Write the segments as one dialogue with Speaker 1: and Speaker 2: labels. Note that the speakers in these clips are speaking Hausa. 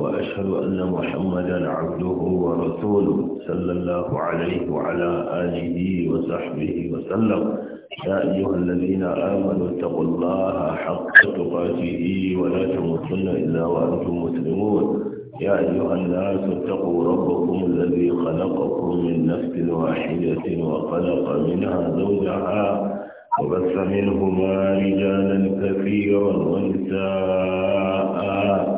Speaker 1: وأشهد أن محمدا عبده ورسوله صلى الله عليه وعلى آله وصحبه وسلم يا أيها الذين آمنوا اتقوا الله حق تقاته ولا تموتن إلا وأنتم مسلمون يا أيها الناس اتقوا ربكم الذي خلقكم من نفس واحدة وخلق منها زوجها وبث منهما رجالا كثيرا ونساء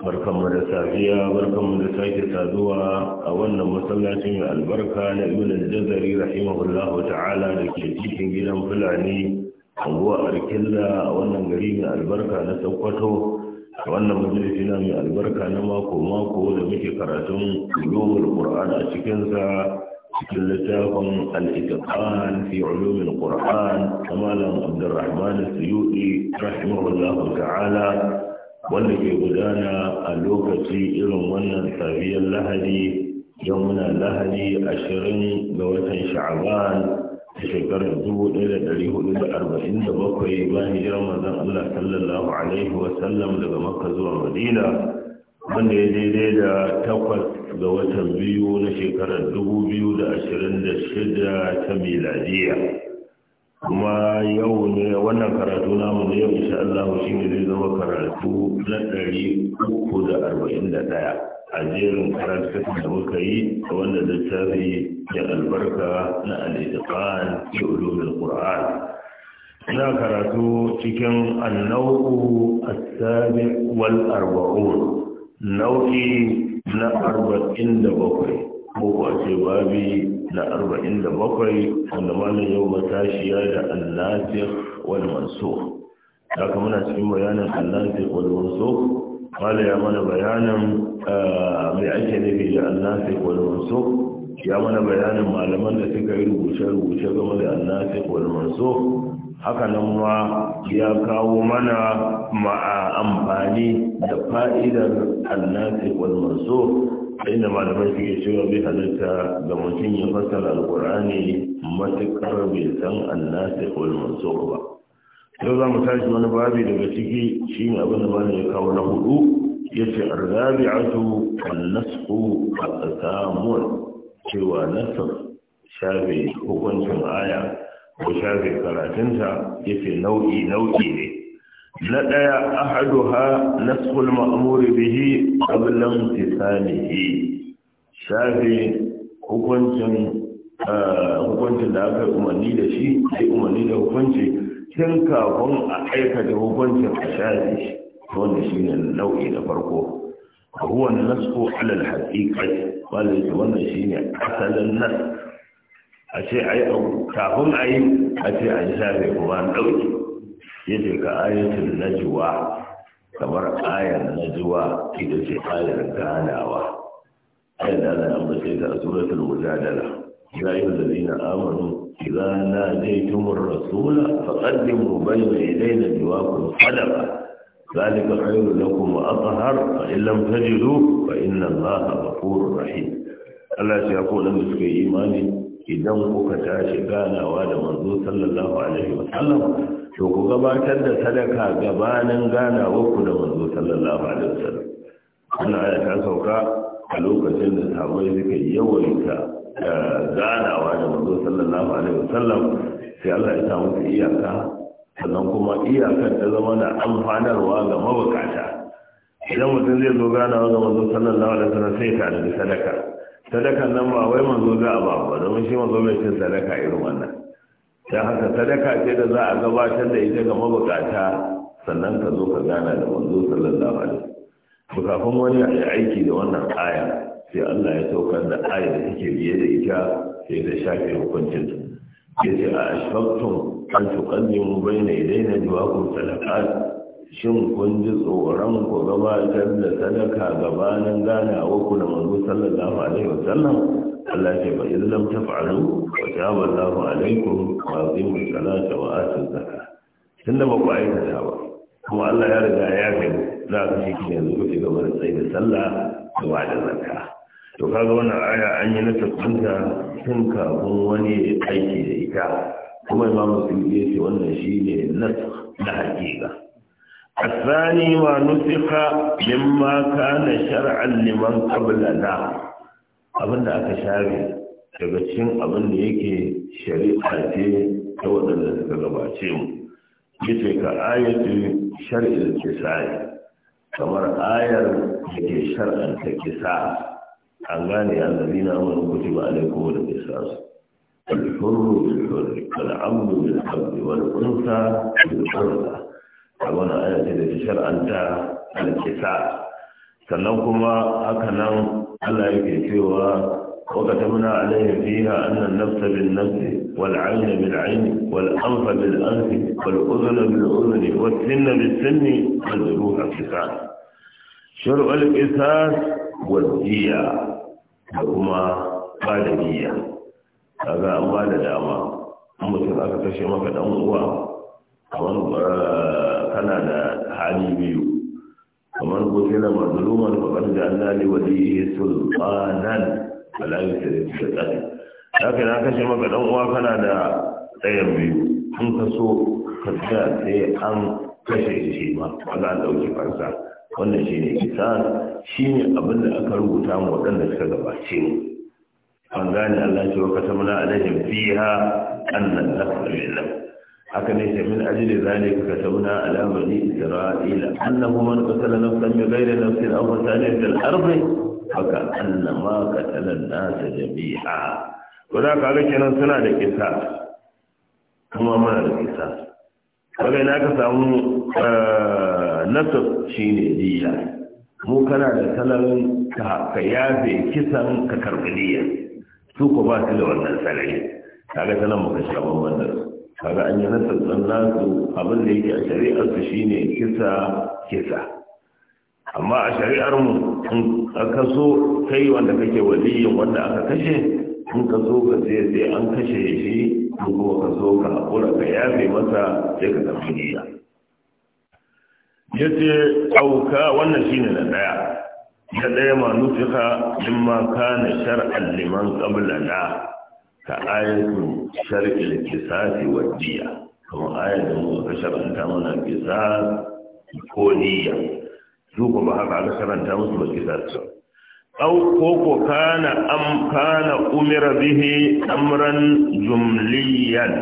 Speaker 1: barkanmu da safiya barkanmu da sake saduwa a wannan masallacin mai albarka na ibn al-jazari rahimahullahu ta'ala da ke cikin gidan fulani anguwa arkilla a wannan gari mai albarka na sokoto a wannan majalisi na mai albarka na mako mako da muke karatun ulumul qur'an a cikin sa cikin littafin al-itqan fi ulumul qur'an kamalan abdurrahman as rahimahullahu ta'ala wanda ke gudana a lokaci irin wannan safiyar lahadi don muna lahadi ashirin ga watan sha'aban a shekarar dubu ɗaya da ɗari hudu da arba'in da bakwai bayan hijirar manzon Allah sallallahu alaihi wa sallam daga makka zuwa madina wanda ya daidai da takwas ga watan biyu na shekarar dubu biyu da ashirin da shida ta miladiya kuma yau ne wannan karatu namu ne yau insha Allah shi ne zai zama karatu na ɗari uku da arba'in da ɗaya a jerin karatu da muka yi da wanda littafi da albarka na al-itqan fi ulumul qur'an ina karatu cikin annau'u as-sabi wal arba'un nau'i na arba'in da bakwai ko ce babi na arba'in da bakwai wanda malam yau shiya da annasir wal ya haka na cikin bayanin annasir wal mansur ya mana bayanin ah, mai ake nufi da annasir wal ya mana bayanin malaman da suka yi rubuce-rubuce game da annasir wal hakanan ma ya kawo mana ma'a ah, amfani da fa'idar annasir wal inda malamai suke cewa bai halitta ga mutum ya fassara alkur'ani matuƙar bai san annasi wal mansur ba yau za mu tashi wani babi daga ciki shi ne abin da ba ya kawo na hudu ya ce arzabi'atu annasu a tsakamun cewa nasar shafe hukuncin aya ko shafe karatunta ya ce nau'i nau'i ne na ɗaya ahaduha nasful ma'amuri bihi ƙabilan tisanihi shafe hukuncin da aka umarni da shi sai umarni da hukunci tun kafin a aikata hukuncin a shafi. shi wanda shi ne nau'i na farko A huwa nasfu alal haqiqati wanda yake wannan ne asalin nas a ce ai kafin a yi a ce a yi shafe kuma an ɗauki yace ka ayatul najwa kamar ayar najwa ita ce ayar ganawa ayar da Allah an bace ta suratul mujadala ya yi ladina amanu idza nadaytumur rasula faqaddimu bayna yadayna biwaqul sadaqa ذلك خير لكم وأطهر فإن لم تجدوا فإن الله غفور رحيم Allah ya ko da suka yi imani idan kuka tashi ganawa da manzo sallallahu alaihi wasallam to ku gabatar da sadaka gabanin gana ku da manzo sallallahu alaihi wasallam Kuna ya ta sauka a lokacin da sahabbai suka yawaita eh, ganawa da manzo sallallahu alaihi wasallam sai Allah ya samu iyaka sannan kuma iyakar ta zama na amfanarwa ga mabukata idan mutum zai zo ganawa ga manzo sallallahu alaihi wasallam sai ta da sadaka sadakan nan ba wai manzo za a ba ba domin shi manzo bai cin sadaka irin wannan Ta haka sadaka ce da za a gabatar da ita ga mabukata sannan ka zo ka gana da manzo sallallahu alaihi wasallam kafin wani ya aiki da wannan aya sai Allah ya saukar da aya da take biye da ita sai da shafe hukuncin ya ce a ashfaqtum an tuqaddimu bayna yadayna jawakum sadaqat shin kun ji tsoron ku gabatar da sadaka gabanin ganawa ku da manzo sallallahu alaihi wasallam Allah ce ba in lam taf'alu wa taba Allahu alaikum wa aqimu salata wa atu zakata tunda ba ku aikata ba kuma Allah ya riga ya kai za ka shi ne yanzu ku ci gaba da tsaye da sallah da ba da zakka to kaga wannan aya an yi na tafsirta tun kafin wani aiki da ita kuma imamu sun yi ce wannan shi ne nas na hakika الثاني ما نسخ مما كان شرعا لمن قبلنا abin da aka share daga cikin abin da yake shari'a ce ta waɗanda suka gabace mu yace ka ayatu shar'il kisai kamar ayar da ke shar'anta kisa an gane ya zabi na amanu kuti ba alaikum da kisasu wani بالحر العبد بالعبد والأنثى بالأنثى أولا آية التي شرعا الكساء sannan kuma hakanan Allah yake cewa ta tabna alaihi fiha anna an-nafsa bin-nafsi wal-'ayna bil-'ayni wal-anfa bil-anfi wal-udhna bil-udhni was-sinna bis-sinni wal-ruha qisas shar'u al-qisas wal-diya da kuma bada diya kaga an bada dama mutum aka kashe maka dan uwa kamar eh, kana da hali biyu kamar na ومن قتل مظلوما فقد جعلنا لوليه سلطانا فلا da في القتل لكن na kashe maka dan uwa kana da tsayar biyu an kaso so ka tsaya sai an kashe shi ma ba a dauki farsa wannan shi ne kisa shi ne abin da aka rubuta mu waɗanda suka gabace mu an gane Allah ce wa katamna alaihim fiha annal nafsa bil haka ne ce min ajili zalika katabna ala bani isra'ila annahu man qatala nafsan bi ghairi nafsin aw fasadin fil ardi haka annama qatala an-nasa jami'a wanda kaga kenan suna da kisa kuma mana da kisa kaga ina ka samu nasab ne diya mu kana da salarin ka ka yafe kisan ka karbaliya su ko ba su da wannan salari kaga sanan muka shaban wannan kaga an yi nasar nasu abin da yake a shari'ar su shine kisa kisa amma a shari'ar mu in ka so kai wanda kake waliyin wanda aka kashe in ka so ka sai sai an kashe shi in kuma ka so ka haƙura ka yafe masa sai ka tafi gida yace auka wannan shine na daya ya daya ma nufika mimma kana shar'an liman qablana ka ayatun shar'il kisasi wa diya kuma ayar da mu ka shar'anta mana kisa ko diya su ko ba haka aka shar'anta musu ba kisas au ko ko kana am kana umira bihi amran jumliyan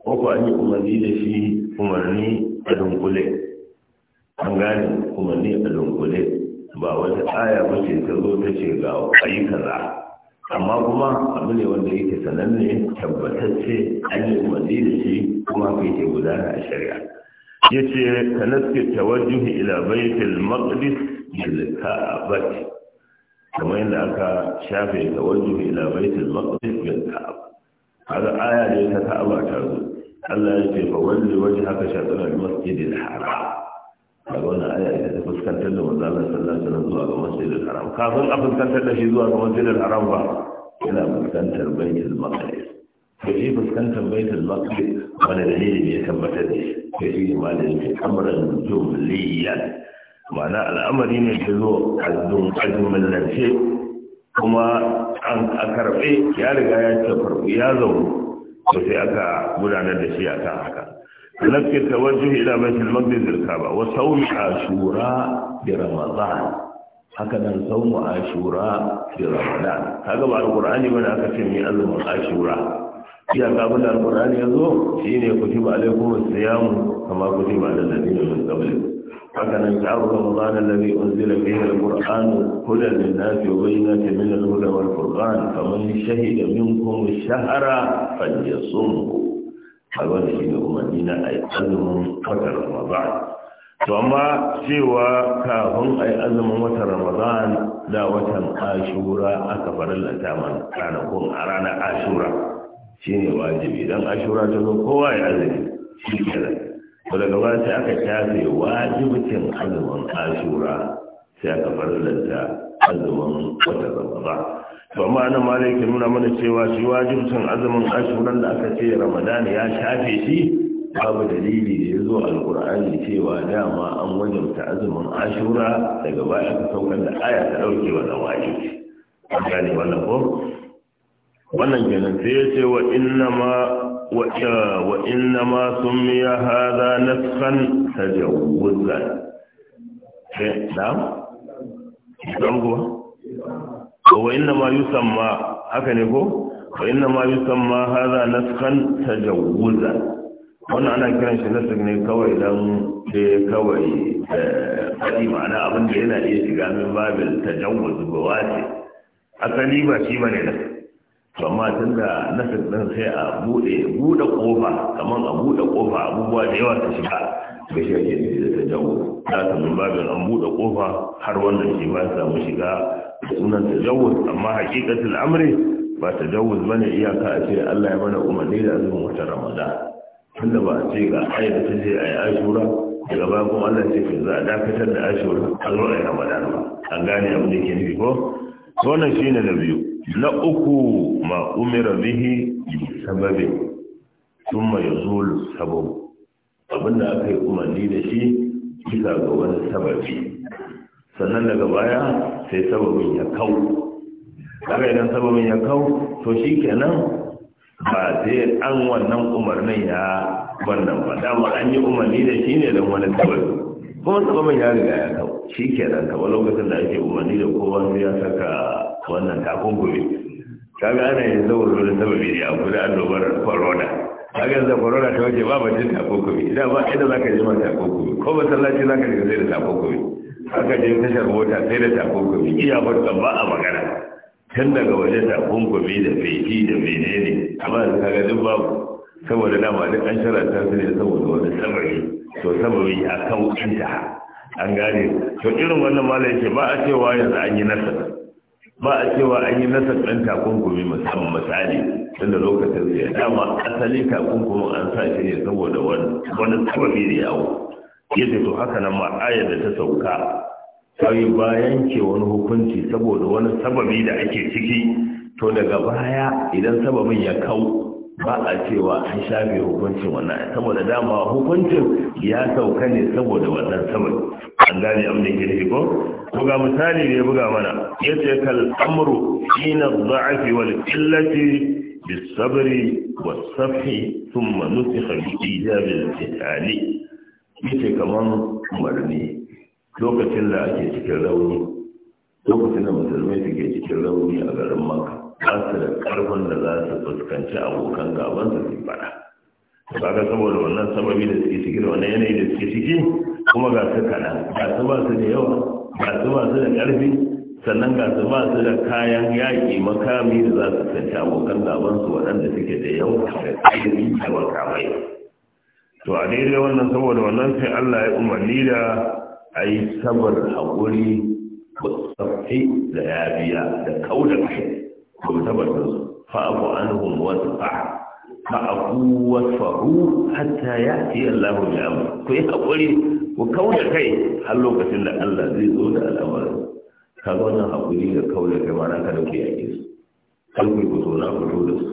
Speaker 1: ko ko an yi umarni da shi umarni a dunkule an gane umarni a dunkule ba wata aya ba ce ta zo ta ce ga ayi kaza amma kuma abu ne wanda yake sananne tabbatacce an yi umarni da shi kuma ka yake gudana a shari'a ya ce ta naske tawajjuhi ila baitul maqdis a ka'abati kamar yadda aka shafe tawajjuhi ila baitul maqdis bil a hada aya ne ta ka'aba ta zo Allah ya ce fa walli wajhaka shatr al masjid al haram a wani aya da ta fuskantar da manzo Allah sallallahu zuwa ga masjidil haram kafin a fuskantar da shi zuwa ga masjidil haram ba yana fuskantar baitul maqdis to shi fuskantar baitul maqdis wani dalili ne ya tabbatar da shi to shi ne malamin ce amran jumliyan ma'ana al'amari ne ke zo a jumlance kuma a karɓe ya riga ya farko ya zaune to sai aka gudanar da shi akan haka نفي التوجه إلى بيت المقدس الكعبة وصوم عاشوراء برمضان هكذا صوم عاشوراء برمضان هذا بعد القرآن من أكثر من أزم عاشوراء يا قبل القرآن يزور حين كتب عليكم الصيام كما كتب على الذين من قبلكم هكذا شهر رمضان الذي أنزل فيه القرآن هدى للناس وبينات من الهدى والفرقان فمن شهد منكم الشهر فليصمه a shi ne umarni na a yi azumin watan ramadan to amma cewa kafin a yi azumin watan ramadan da watan ashura aka farallata mana ranakun a ranar ashura shi ne wajibi don ashura ta zo kowa ya azumi shi kenan to daga ba sai aka shafe wajibcin azumin ashura sai aka farallata azumin watan ramadan to amma nan malaikin nuna mana cewa shi wajibcin azumin ashuran da aka ce ramadan ya shafe shi babu dalili da ya zo alkur'ani cewa dama an wajabta azumin ashura daga baya aka saukar da aya ta ɗauke wannan wajibi an gane wannan ko wannan kenan sai ya ce wa inna ma wa inna ma summiya hadha nafsan tajawuzan sai na'am kuwa wa inna ma yusamma haka ne ko wa inna ma yusamma hadha naskan tajawuzan wannan ana kiran shi nasik ne kawai dan ke kawai eh, fadi ma'ana abin da yana iya shiga min babin tajawuz ba wace asali ba shi bane da to amma tunda nasik din sai a bude bude kofa kaman a bude kofa abubuwa da yawa ta shiga ga shi ake nufi da tajawuz ta mun babin an bude kofa har wannan shi ba samu shiga sunan tajawuz amma haƙiƙatul amri ba tajawuz bane iyaka a ce Allah ya mana umarni da azumin watan Ramadan tunda ba a ce ga ayat ta ce ayi ashura daga baya kuma Allah ce ka za a dakatar da ashura a zo yi Ramadan ba an gane abin da yake nufi ko wannan shine na biyu na uku ma umira bihi sababi thumma yazulu sabab abinda aka yi umarni da shi kisa ga wani sababi sannan daga baya sai sababin ya kau kaga idan sababin ya kau to shi kenan ba sai an wannan umarnin ya wannan ba dama an yi umarni da shi ne don wani sababi kuma sababin ya riga ya kau shi kenan kamar lokacin da ake umarni da kowa ya saka wannan takunkumi kaga ana yin zaure da sababi ne a guda annobar corona ga yanzu corona ta wace ba ce takokumi idan ba inda zaka je ma takokumi ko masallaci zaka je sai da takokumi aka je tashar mota sai da takunkumi iya farkon ba a magana tun daga waje takunkumi da feki da menene amma da kaga duk babu saboda dama duk an sharanta su ne saboda wani sabari to sabari a kan inta an gane to irin wannan mala yake ba a cewa yanzu an yi nasa ba a cewa an yi nasar ɗan takunkumi musamman misali tunda lokacin da ya dama asali takunkumin an sa shi ne saboda wani sababi da yawo Yadda to haka nan ma ayar da ta sauka sai bayan ke wani hukunci saboda wani sababi da ake ciki to daga baya idan sababin ya kau ba a cewa an shafe hukuncin wannan saboda dama hukuncin ya sauka ne saboda wannan sababi an gane abin da ke ko ko ga misali da ya buga mana yace kal amru ina dha'fi wal illati بالصبر thumma nusikha bi بإيجاب القتال yake kamar umarni lokacin da ake cikin rauni lokacin da musulmai suke cikin rauni a garin maka ba su da karfin da za su fuskanci abokan gaban su su fada ga saboda wannan sababi da suke ciki da wannan yanayi da suke ciki kuma ga su kaɗan ga su ba su da yawa ga su ba su da ƙarfi sannan ga su ba su da kayan yaƙi makami da za su fuskanci abokan gaban su waɗanda suke da yawa da ƙarfi da makamai to a daidai wannan saboda wannan sai Allah ya umarni da a yi sabar haƙuri musaffi da yabiya da kau da kai ko tabbatar su fa'afu anhum wasfa fa'afu wasfahu hatta ya'ti Allah bi amr ku yi haƙuri ku da kai har lokacin da Allah zai zo da al'amarin kaga wannan haƙuri da kauda kai ma ranka dauke yake su kalmi ku zo na ku da su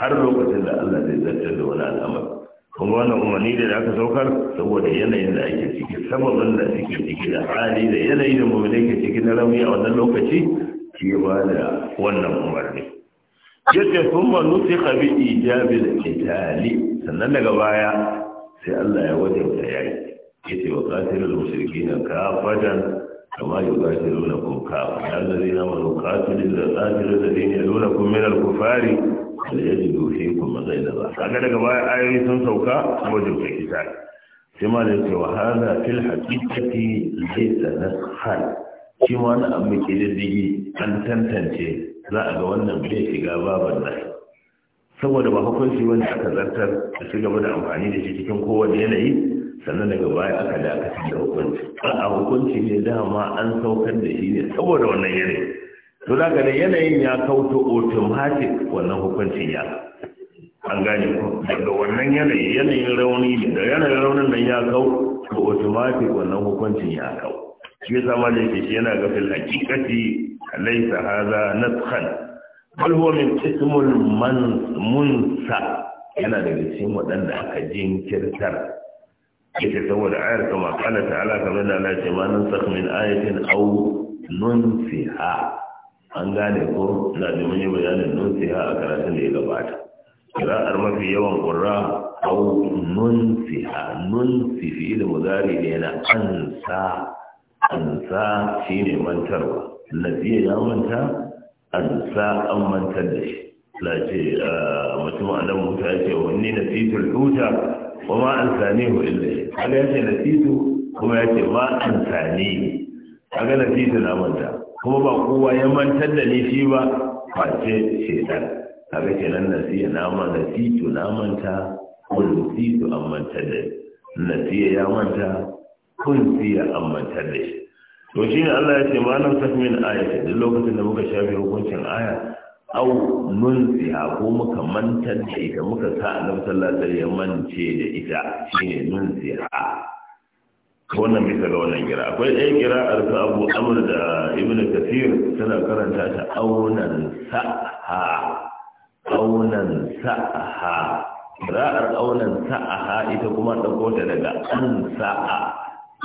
Speaker 1: har lokacin da Allah zai zartar da wani al'amari kuma wannan umarni da aka saukar saboda yanayin da ake ciki sababin da suke ciki da hali da yanayi da mummune ke ciki na rauni a wannan lokaci shi ba da wannan umarni yadda sun ma nufi kabi ijabi da kitali sannan daga baya sai allah ya da wajabta yayi yace wa qatilul mushrikeena da كما da كافة يا الذين آمنوا قاتلوا الذين يلونكم من الكفار فليجدوا فيكم matsayin da za kaga daga baya ayoyi sun sauka wajen kai kita sai ma da yake wahala fil haqiqati laysa nasxan shi ma na abu ke digi an tantance za a ga wannan bai shiga baban nan saboda ba hukunci wanda aka zartar a ci gaba da amfani da shi cikin kowane yanayi sannan daga baya aka dakatar da hukunci a hukunci ne dama an saukar da shi ne saboda wannan yanayi to daga yanayin ya kauto automatic wannan hukuncin ya an gane ko daga wannan yanayi yanayin rauni ne da yanayin raunin nan ya kau to automatic wannan hukuncin ya kau shi yasa samar da yake yana ga hakikati laisa laysa hadha bal huwa min ismul man munsa yana daga cikin waɗanda aka jinkirtar yake saboda ayar kama kala ala kamar da Allah ce ma nan sakh min ayatin aw nunsiha an gane ko na da mun yi bayanin nunsiha a karatun da ya gabata kira'ar mafi yawan ƙura au nunsiha nunsi fi'il mudari ne na ansa ansa ne mantarwa nasiya ya manta ansa an mantar da shi lace ah, mutum a nan mutu ya ce wani nasitul huta wa ma an sani hu illa shi kaga ya ce nasitu kuma ya ce ma an sani kaga nasitu na manta kuma ba kowa ya mantar da ni shi ba face shaitan kaga kenan nasiya nama nasitu na manta kun nasitu an manta da nasiya ya manta kun siya an manta da shi to shi ne Allah ya ce ma nan min aya duk lokacin da muka shafe hukuncin aya au nun siya ko muka manta da ita muka sa annabi sallallahu alaihi wasallam mance da ita Shi ne nun siya wannan bisa ga wannan kira akwai ɗaya kira a su abu amur da ibn kafir tana karanta ta aunan sa'a aunan sa'aha ra'ar aunan sa'aha ita kuma ɗauko ta daga an sa'a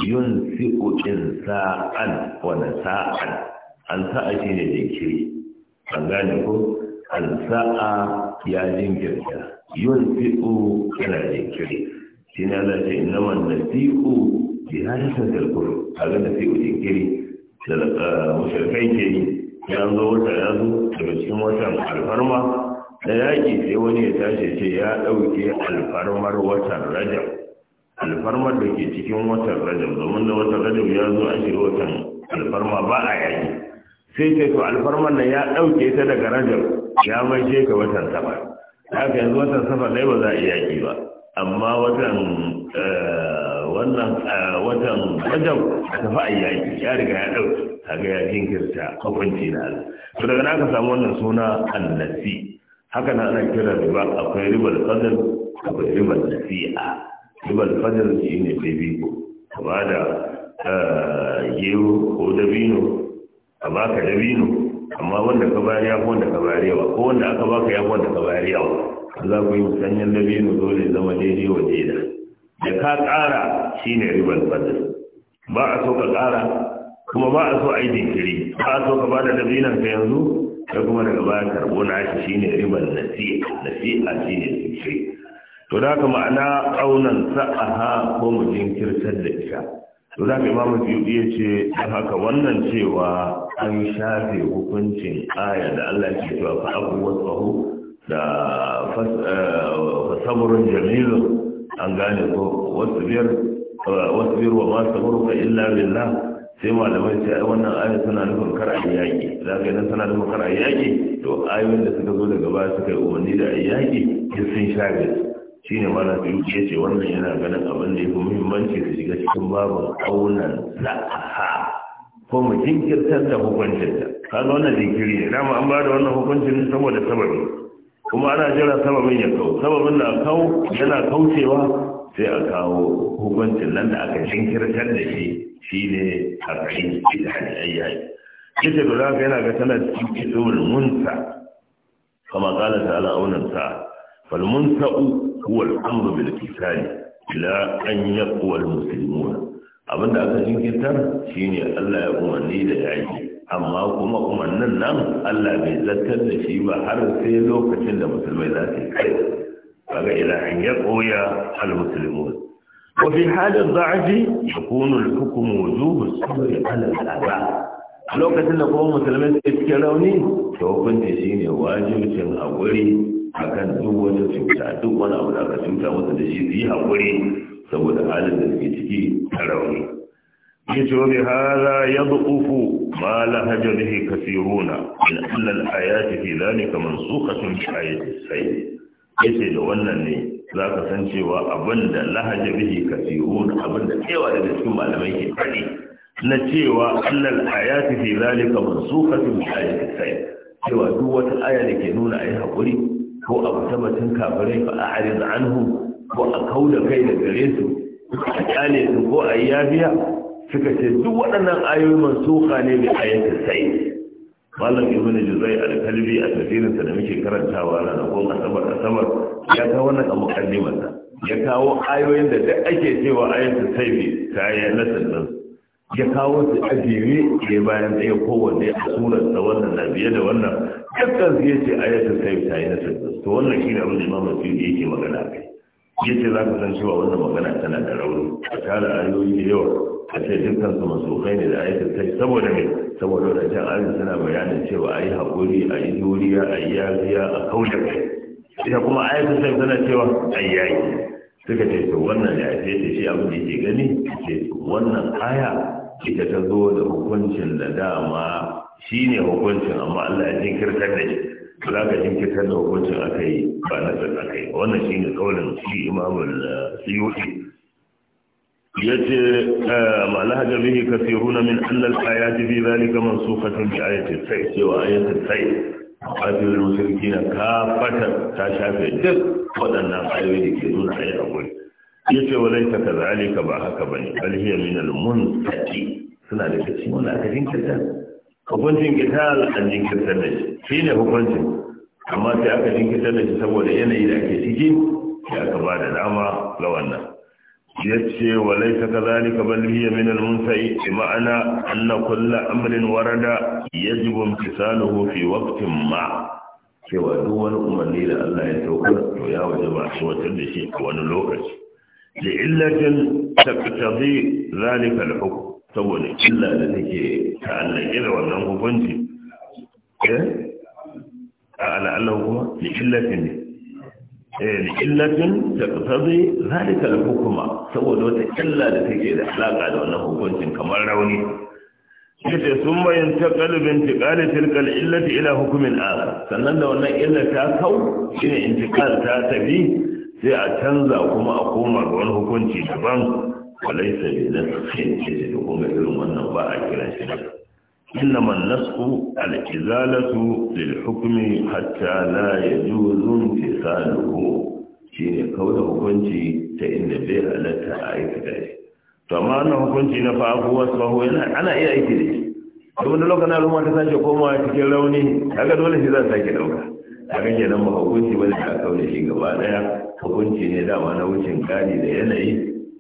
Speaker 1: yun si'ukin sa'an wani sa'an an sa'a shi ne jinkiri an gane ko an sa'a ya jinkirta yun si'u yana jinkiri shi ne ala ce ina wannan si'u bi halittar dalkuru a ga nasi'u jinkiri da eh, mashirkai ke yi ya zo wata ya zo daga cikin watan alfarma da yaƙi sai wani ya tashi ce ya ɗauke alfarmar watan rajab alfarmar da ke cikin watan rajab domin da watan rajab ya zo a shiga watan alfarma ba a yaƙi sai ce to alfarmar nan ya ɗauke ta daga rajab ya ce ka watan safar haka yanzu watan safar dai ba za a yaki yaƙi ba amma watan eh, wannan eh, watan rajab a tafi a yaƙi ya riga ya ɗauke kaga ya jinkirta hukunci na Allah to daga nan aka samu wannan suna annasi haka na ana kira riba akwai ribar fadl akwai ribar nasi'a ribar fadl shi ne bibiko kama da eh, gero ko dabino a baka dabino amma wanda ka bayar ya wanda ka bayar yawa ko wanda aka baka ya wanda ka bayar yawa za ku yi musanyen dabino dole zama daidai wa daida da ka ƙara shi ne ribar fadl ba a so ka ƙara kuma ba a so a yi dinkiri ba a so ka ba da dabinan ka yanzu sai kuma daga baya karbo na shi shine riban nasi'a nasi'a shine sirri to da ka ma'ana aunan sa'aha ko mu jinkirtar da ita to da imamu biyudi iya ce don haka wannan cewa an shafe hukuncin aya da Allah ke ce cewa fa abu wasu da eh, fasamurin jamilu an gane ko wasu biyar eh, wasu biyar wa masu samuruka illa billah sai malamai sai ai wannan ayar suna nufin kar a yaƙi za ka idan suna nufin kar a yaƙi to ayoyin da suka zo daga baya suka yi umarni da a yaƙi duk sun sha shi ne mana su yi ce wannan yana ganin abin da ya fi muhimmanci su shiga cikin babin aunan la'aha ko mu jinkirtar da hukuncinta kaga wannan jinkiri ne dama an ba da wannan hukuncin saboda sababi kuma ana jira sababin ya kau sababin na kau yana kaucewa sai a kawo hukuncin nan da aka jinkirtar da shi shi ne a ƙari da shi ita yana ga tana cikin kitowar munsa kama kala ta ala'aunan sa falmunsa u huwal amru bil kitali ila an yaqwa al musulmuna abinda aka jinkirtar shine Allah ya umarni da yaki amma kuma umarnin nan Allah bai zartar da shi ba har sai lokacin da musulmai za su yi kai kaga ila an yaquya al-muslimun wa fi hal ad-da'f yakunu al-hukm wujub as-sabr 'ala lokacin da kuma musulmai suke cikin rauni to hukunci shine wajibin hakuri akan duk wata cuta duk wani abu da aka cuta masa da shi su yi hakuri saboda halin da ciki a rauni yace wa bihadha yadqufu ma lahaja bihi kathiruna min anna al-ayati fi dhalika mansukhatun bi ayati as-sayd yace da wannan ne za ka san cewa da lahaja bihi kasirun abinda cewa da cikin malamai ke faɗi na cewa annal ayati fi zalika mansukhatun bi ayati sai. cewa duk wata aya da ke nuna ayi hakuri ko a tabbatin kafirai fa a'rid anhu ko a kauda kai da gare su a kyale su ko a yafiya suka ce duk waɗannan ayoyi mansuka ne bi ayati sai? malam ibnu juzai al-kalbi a tafsirinsa da muke karantawa na ko asabar asabar ya kawo wannan a mukaddimarsa ya kawo ayoyin da duk ake cewa ayatul saifi ta yi nasar nan ya kawo su a jere ya bayan ɗaya kowanne a surar da wannan na biye da wannan dukkan su yace ayatul saifi ta yi nasar to wannan shi ne abin da imam mutum yake magana kai yace za ka san cewa wannan magana tana da rauni a tara ayoyi da yawa a ce dukkan su masukai ne da ayatul kai saboda me saboda wadancan ayoyi suna bayanin cewa ayi hakuri yi juriya ayi yafiya a kauda kai ita kuma ayatul kai suna cewa ayi yayi suka ce to wannan da ake ce shi abin da ke gani ce wannan aya ita ta zo da hukuncin da dama shine hukuncin amma Allah ya jinkirtar da shi za ka jinkirtar da hukuncin aka yi ba na aka yi wannan shi ne kaulin shi imamul suyuti yace eh, ma lahaja bihi kathiruna min anna al-ayati fi dhalika mansukhatun bi ayati sai cewa ayatin sai qabil mushrikina kafata ta shafe duk waɗannan ayoyi da ke nuna ayat akwai yace walaita kadhalika ba haka bane bal hiya min al-muntati suna da kace wani aka jinkirta hukuncin kital an jinkirta da shi ne hukuncin amma sai aka jinkirta da shi saboda yanayi da ake ciki ya ka ba da dama ga wannan ya ce walai laisa ka zalika bal hiya min al munsa'i ma'ana anna kullu amrin warada yajibu imtisaluhu fi waqtin ma cewa duk wani umarni da Allah ya saukar to ya wajaba a watar da shi a wani lokaci da illatin taqtadi zalika al hukm saboda illa da take ta'allaki da wannan hukunci eh a ala'allahu kuma da illatin ne illatin ta tsaye ta al-hukuma saboda wata illa da take da alaka da wannan hukuncin kamar rauni yace sun bayan ta qalbin tiqali tilka al-illati ila hukumin akhar sannan da wannan illa ta kau ne intiqal ta tafi sai a canza kuma a koma ga wani hukunci daban walaysa bi nafsin ce da kuma irin wannan ba a kiran shi إنما النسخ الإزالة للحكم حتى لا يجوز امتثاله شيء قول hukunci ta inda bai halatta a aiki da to amma hukunci na fafu wasu fahu yana ana iya aiki da shi to wani lokacin al'umma ta sake komawa cikin rauni kaga dole shi za ta sake ɗauka kaga kenan ba hukunci ba da ta kaune shi gaba daya hukunci ne dama na wucin gadi da yanayi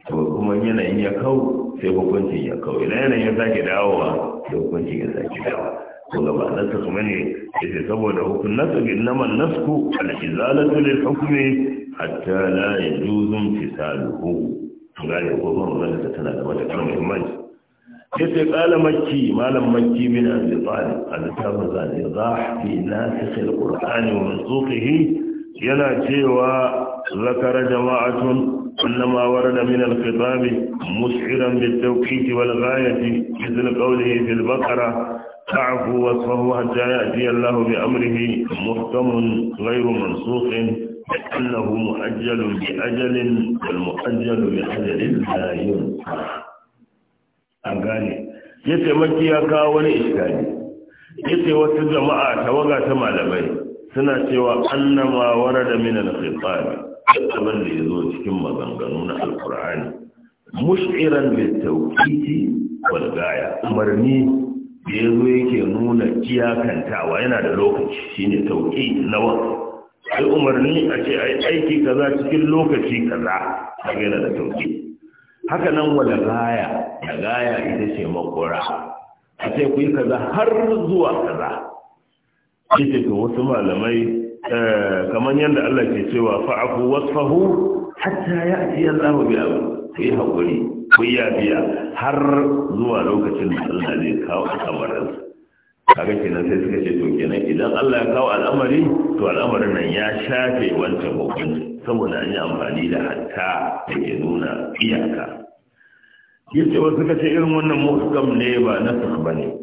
Speaker 1: to kuma yanayin ya kau sai hukuncin ya kau idan yanayin ya sake dawowa da hukunci ya sake dawa kuma ba ta kuma ne ce saboda hukun nasa bin naman nasku al-izalatu lil hukmi hatta la yajuzu fisaluhu gane ko ba magana ta tana da matakar muhimmanci ce qala makki malam makki min a littafin zane Za a fi nasikh al-qur'an wa mansukhihi yana cewa zakara jama'atun كلما ورد من الخطاب مسعرا بالتوقيت والغاية مثل قوله في البقرة تعفو وصفه حتى يأتي الله بأمره محكم غير منصوص لأنه مؤجل بأجل والمؤجل بأجل لا ينسخ أغاني يتمكي يا كاولي إشكالي يتي وتجمع توقع تمالبين سنة وأنما ورد من الخطاب abin da ya zo cikin maganganu na alkur'ani mush'iran littaukiti wal gaya umarni da ya zo yake nuna iyakantawa yana da lokaci shine tauki nawa sai umarni a ce ai aiki kaza cikin lokaci kaza kaga yana da tauki haka nan wal gaya da ita ce makura a ce ku yi kaza har zuwa kaza ita to wasu malamai Eh, kamar yadda Allah ke cewa fa'afu wasfahu hatta ya ati Allah bi ku yi hakuri ku ya biya har zuwa lokacin da Allah zai kawo al'amarin kaga kenan sai suka ce to kenan idan Allah ya kawo al'amari to al'amarin nan ya shafe wancan hukunci saboda an yi amfani da hatta da ke nuna iyaka yace wasu suka ce irin wannan muhkam ne ba nasakh bane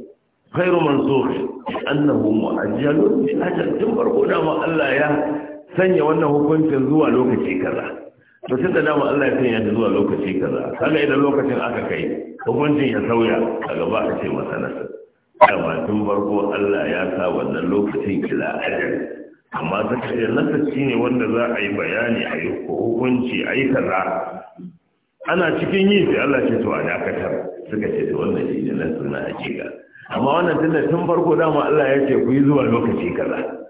Speaker 1: khairu mansukh annahu mu'ajjalun min ajal tun farko dama Allah ya sanya wannan hukuncin zuwa lokaci kaza to tun da dama Allah ya sanya shi zuwa lokaci kaza kaga idan lokacin aka kai hukuncin ya sauya a ba a ce masa nasar dama tun farko Allah ya sa wannan lokacin kila ajal amma saka ce nasar ne wanda za a yi bayani a yi hukunci a yi kaza ana cikin yi sai Allah ce to a dakatar suka ce to wannan shi ne nasar na hakika amma wannan tunda tun farko dama Allah ya ce ku yi zuwa lokaci kaza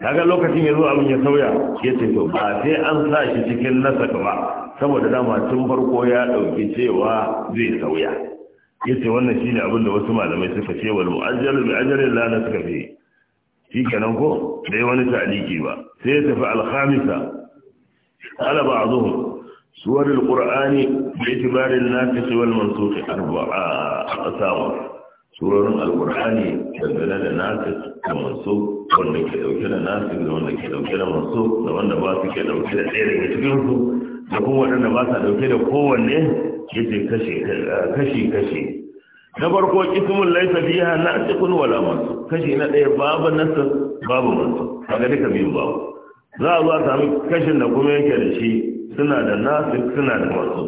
Speaker 1: kaga lokacin ya zo abin ya sauya ya ce to ba sai an sa shi cikin nasaka ba saboda dama tun farko ya dauki cewa zai sauya ya wannan shine abin da wasu malamai suka ce wal mu'ajjal bi ajalin la nasaka fi shi kenan ko dai wani taliki ba sai ya tafi al-khamisa ala ba'dhu suwar al-qur'ani bi itibari an-nasikh wal mansukh arba'a aqsam surorin alkur'ani dangane da nasir da masu wanda ke dauke da nasir da wanda ke dauke da masu da wanda ba su ke dauke da ɗaya daga cikin su da kuma waɗanda ba sa dauke da kowanne ya ce kashi kashi na farko ismun laisa na nasikun wala masu kashi na ɗaya babu nasir babu masu kaga duka biyu babu za a zuwa sami kashin da kuma yake da shi suna da nasir suna da masu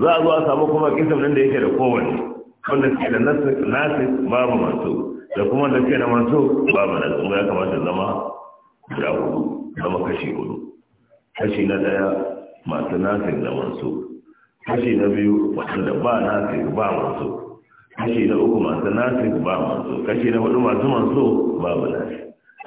Speaker 1: za a zuwa samu kuma kisan nan da yake da kowanne wanda ke da nasi babu masu da kuma da ke da masu babu nasu ya kamata zama guda hudu zama kashi hudu kashi na daya masu nasi da masu kashi na biyu da ba nasi ba masu kashi na uku masu nasi ba masu kashi na hudu masu masu babu nasi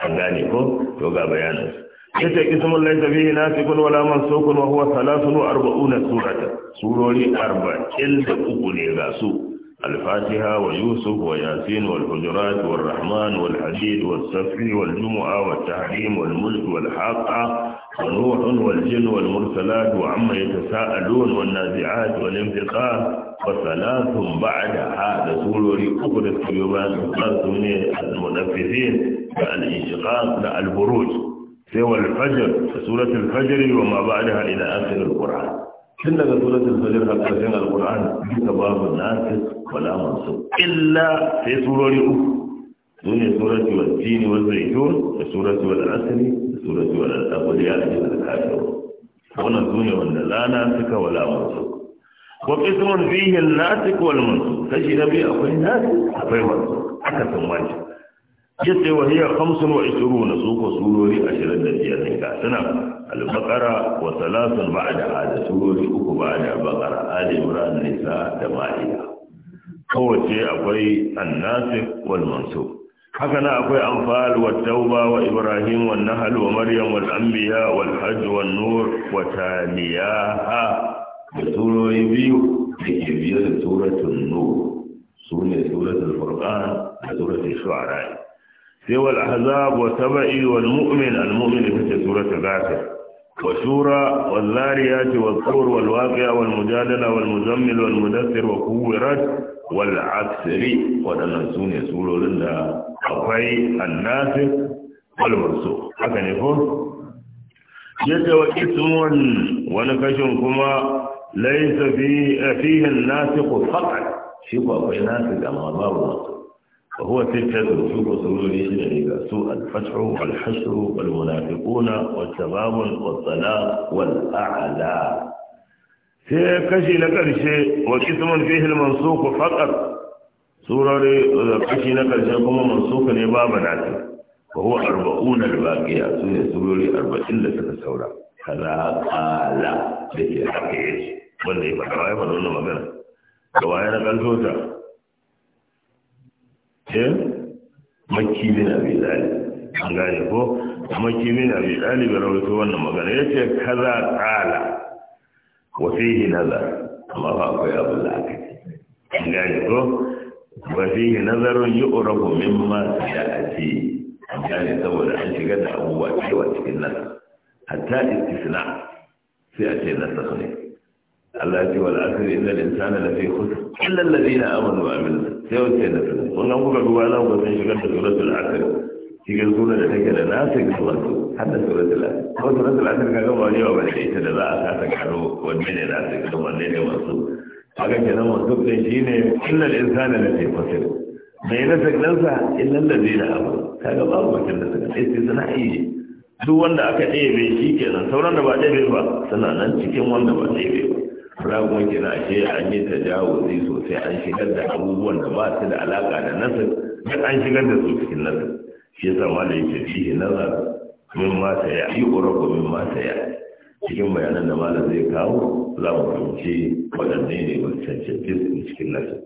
Speaker 1: an gane ko to ga bayanin su yace ismun ta fihi nasikun wala mansukun wa huwa 43 surata surori 43 ne ga su الفاتحة ويوسف وياسين والحجرات والرحمن والحديد والسفر والجمعة والتحريم والملك والحاقة ونوح والجن والمرسلات وعما يتساءلون والنازعات والانفقار وثلاث بعد هذا سوري أخرى السيوبان من المنفذين الانشقاق البروج سوى الفجر سورة الفجر وما بعدها إلى آخر القرآن tun daga suratul fajr har karshen alquran duka babu nafis wala mansub illa sai surori uku su sune surati wal tin wal zaitun da surati wal asri da surati wal abriya da kafir wannan ne wanda la nafika wala mansub wa qismun fihi an-nasik wal mansub kashi nabi akwai nasik akwai masu, aka san wajib yace wa hiya 25 na ko surori 25 ne ga suna al-baqara wa thalathun ba'da hada surori uku ba'da baqara ali imran nisa da ma'iya kowace akwai an-nasib wal mansub haka na akwai anfal wa tauba wa ibrahim wa nahl wa maryam wal anbiya wal hajj wa nur wa Taliya, ha! da surori biyu da ke biyar da suratul nur sune suratul furqan da suratul shu'ara sai wal ahzab wa tabai wal mu'min al mu'min ita ce suratul ghafir وشورى والذاريات والطور والواقع والمجادلة والمزمل والمدثر وكورت والعكسر ودنا سوني سولو لنا أخي الناس والمرسوخ haka ne ko yadda wa ismun wani kashin kuma laisa fi fihin nasiku faqat shi ko akwai nasiku amma babu وهو تلك الله عليه وسلم سوء الفتح والحشر والمنافقون والتمام والطلاق والأعلى في كشي الشيء وكثم فيه المنسوق فقط سورة كشي الشيء كما منسوق لبابا ناتي وهو أربعون الباقية سورة سورة أربعين لك السورة كذا قال لكي حقيش والذي بحرائي فنون مغنى دوايا نقل eh makki bin abi talib an gane ko makki bin abi talib rawaito wannan magana yace kaza qala wa fihi nazar amma ba akwai abu da aka an gane ko wa fihi nazarun yu'rafu mimma ya'ti an gane saboda an shiga da abubuwa cewa cikin nan hatta istisna sai a ce nasa ne Allah ce wal asri innal insana lafi khusr illa alladhina amanu wa amilu sai wace da su wannan kuka duba na kuka sun shigar da suratul asr cikin suna da take da nasir da wato har da suratul asr ko suratul asr kaga ba wani ba da ita da za a kasa karo wanne ne nasir da wanne ne wasu haka kenan wasu ne shine innal insana lafi khusr mai nasir dan illan illal na amanu kaga babu mutum da suka istisna'i duk wanda aka ɗebe shi kenan sauran da ba ɗebe ba suna nan cikin wanda ba ɗebe ba ragon kina ashe an yi tajawuzi sosai an shigar da abubuwan da ba su da alaka da nasir duk an shigar da su cikin nasir shi yasa da yake fihi nazar min ma ta ya yi ƙorafa min ma ta ya cikin bayanan da malam zai kawo za mu fahimci waɗanne ne ba cancanci su cikin nasir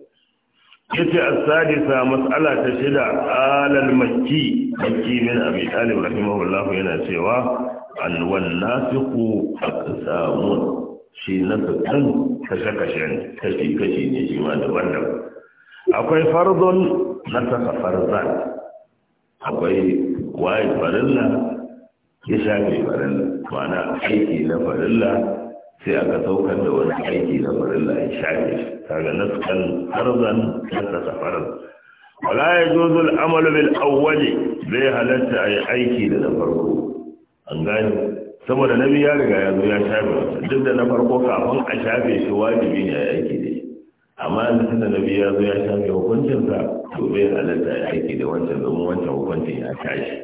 Speaker 1: yace as-sadisa mas'ala ta shida alal makki makki min abi talib rahimahullah yana cewa an wan nafiqu aqsamun shi na kan kashe-kashe kashi-kashi ne shi ma daban-daban akwai farzon na saka farzan akwai waye farilla ya shafe farilla mana aiki na farilla sai aka saukar da wani aiki na farilla ya shafe kaga naskan farzan na saka farzan wala ya jozo al'amalu bil awwali bai halatta a yi aiki da na farko an gani saboda nabi ya riga ya zo ya shafe duk da na farko kafin a shafe shi wajibi ne a aiki ne amma yanzu da nabi ya zo ya shafe hukuncinsa to bai halatta ya aiki da wancan domin wancan hukuncin ya tashi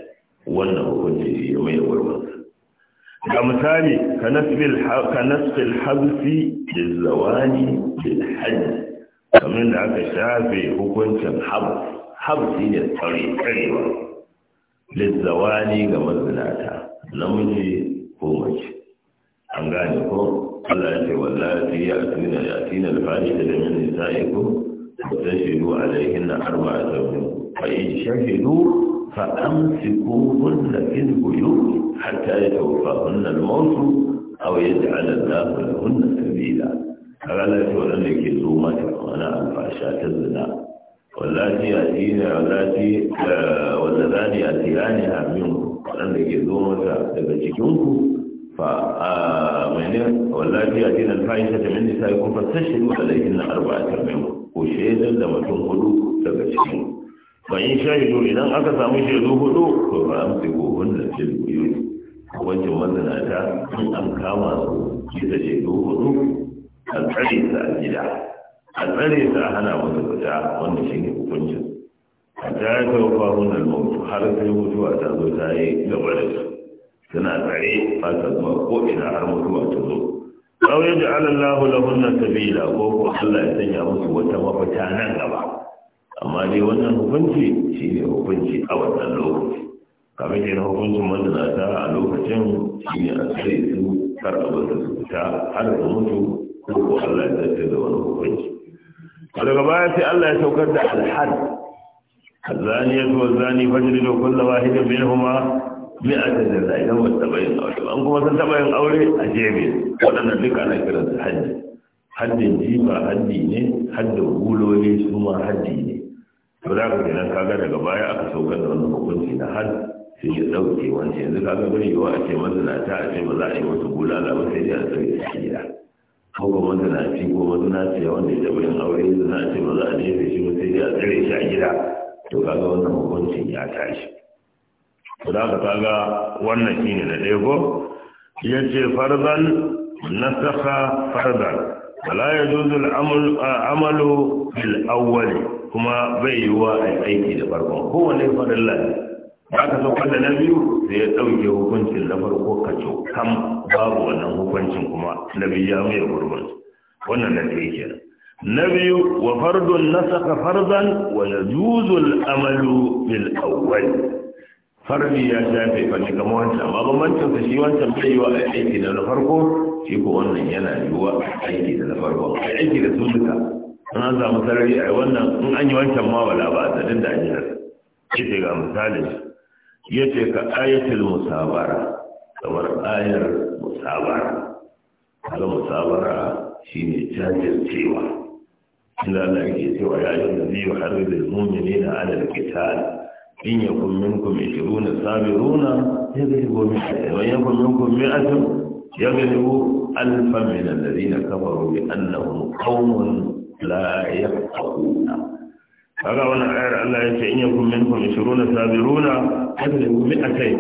Speaker 1: wannan hukuncin ya mai gurbinsa ga misali ka nasfil habsi da zawani da hajji kamar da aka shafe hukuncin habsi ne tsare tsarewa da zawani ga نمجي namiji كوميش عن قائدكم اللاتي واللاتي يأتين يأتين الفاحشة من نسائكم وتشهدوا عليهن أربعة منكم فإن شهدوا فأمسكوهن في البيوت حتى يتوفاهن الموت أو يجعل الله لهن سبيلا فلا يقول لك زومة وأنا الفاحشة الزنا واللاتي يأتين واللاتي واللذان يأتيانها منكم waɗanda ke zo masa daga cikinku fa a mai wallafi a dinar fahimta da min kuma kun fasashi wa alaihin na a mai ko shaidar da mutum hudu daga cikin bayan shaidu idan aka samu shaidu hudu to ba amsa ko da shaidu wancan wajen ta in an kama su bisa shaidu hudu a tsare su a gida a tsare su a hana wata fita wanda shi ne hukuncin ta yi kawo kwamunan mutu har sai mutuwa ta zo ta yi gaba da su suna tsare ba ta zuwa ko ina har mutuwa ta zo sau ya ji sabila ko ko allah ya sanya musu wata mafita nan gaba amma dai wannan hukunci shi ne hukunci a wannan lokaci kamar wanda na hukuncin a lokacin shi ne a tsare su kar a basu su fita har da mutu ko ko allah ya zartar da wani hukunci daga baya sai allah ya saukar da alhad الزانية والزاني فاجلدوا كل واحد منهما مئة جلدة إذا ما تبين أولي أنكم مثلا تبين أولي أجيبين وأنا لك أنا كرة حج حد جيبا حد ne haddin guloli su ma haddi ne to da ka kenan kaga daga baya aka saukar da wannan hukunci na had sai ya dauke wancan yanzu kaga bai yiwa a ce mazinata a ce ba za a yi wasu bulala ba sai dai a sauke shi gida ko wanda yin aure ce a shi a shi a gida to kaga wannan hukuncin ya tashi to da kaga wannan shine na ɗaya ko yace farzan nasakha farzan wala yajuzu al-amal bil kuma bai yiwuwa a aiki da farkon kowane farin lalle ba ka so da na biyu sai ya ɗauke hukuncin na farko ka kam babu wannan hukuncin kuma na biyu ya mai gurbin wannan na ɗaya kenan na biyu wa fardun na saka farzan wa yajuzu al-amalu bil awwal farbi ya shafe fanni kama wancan amma bambancin sa shi wancan bai yiwa a aiki da na farko shi ko wannan yana yiwa a aiki da na farko a aiki da su duka an an samu sarari a wannan in an yi wancan ma wala ba a sadin da an yi ce ga misali ce ka ayatul musabara kamar ayar musabara kaga musabara shine cewa. inda Allah yake cewa ya yi da biyu har da mumini na ala da in ya kun minkum ishiruna sabiruna ya gani gomi wa ya kun minkum mi'atun ya gani bu alfa min alladhina kafaru bi annahum qaumun la yafqahuna kaga wannan ayar Allah ya ce in ya kun minkum ishiruna sabiruna ya gani bu mi'atayn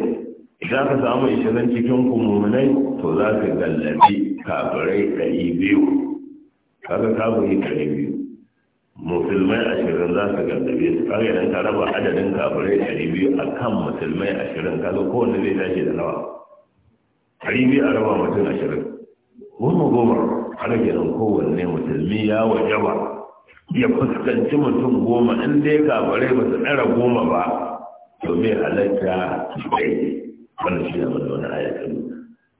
Speaker 1: idan ka samu ishirin cikin kumumunai to za ka gallabi kafirai ɗari biyu kaga kafirai ɗari biyu musulmai ashirin za su gandabe su kare nan ka raba adadin kafirai ɗari biyu a kan musulmai ashirin kaga kowanne zai tashi da nawa ɗari biyu a raba mutum ashirin goma goma har gidan kowanne musulmi ya waje ba. ya fuskanci mutum goma in dai kafirai ba su ɗara goma ba to bai halatta bai wani shi zama da wani ayatun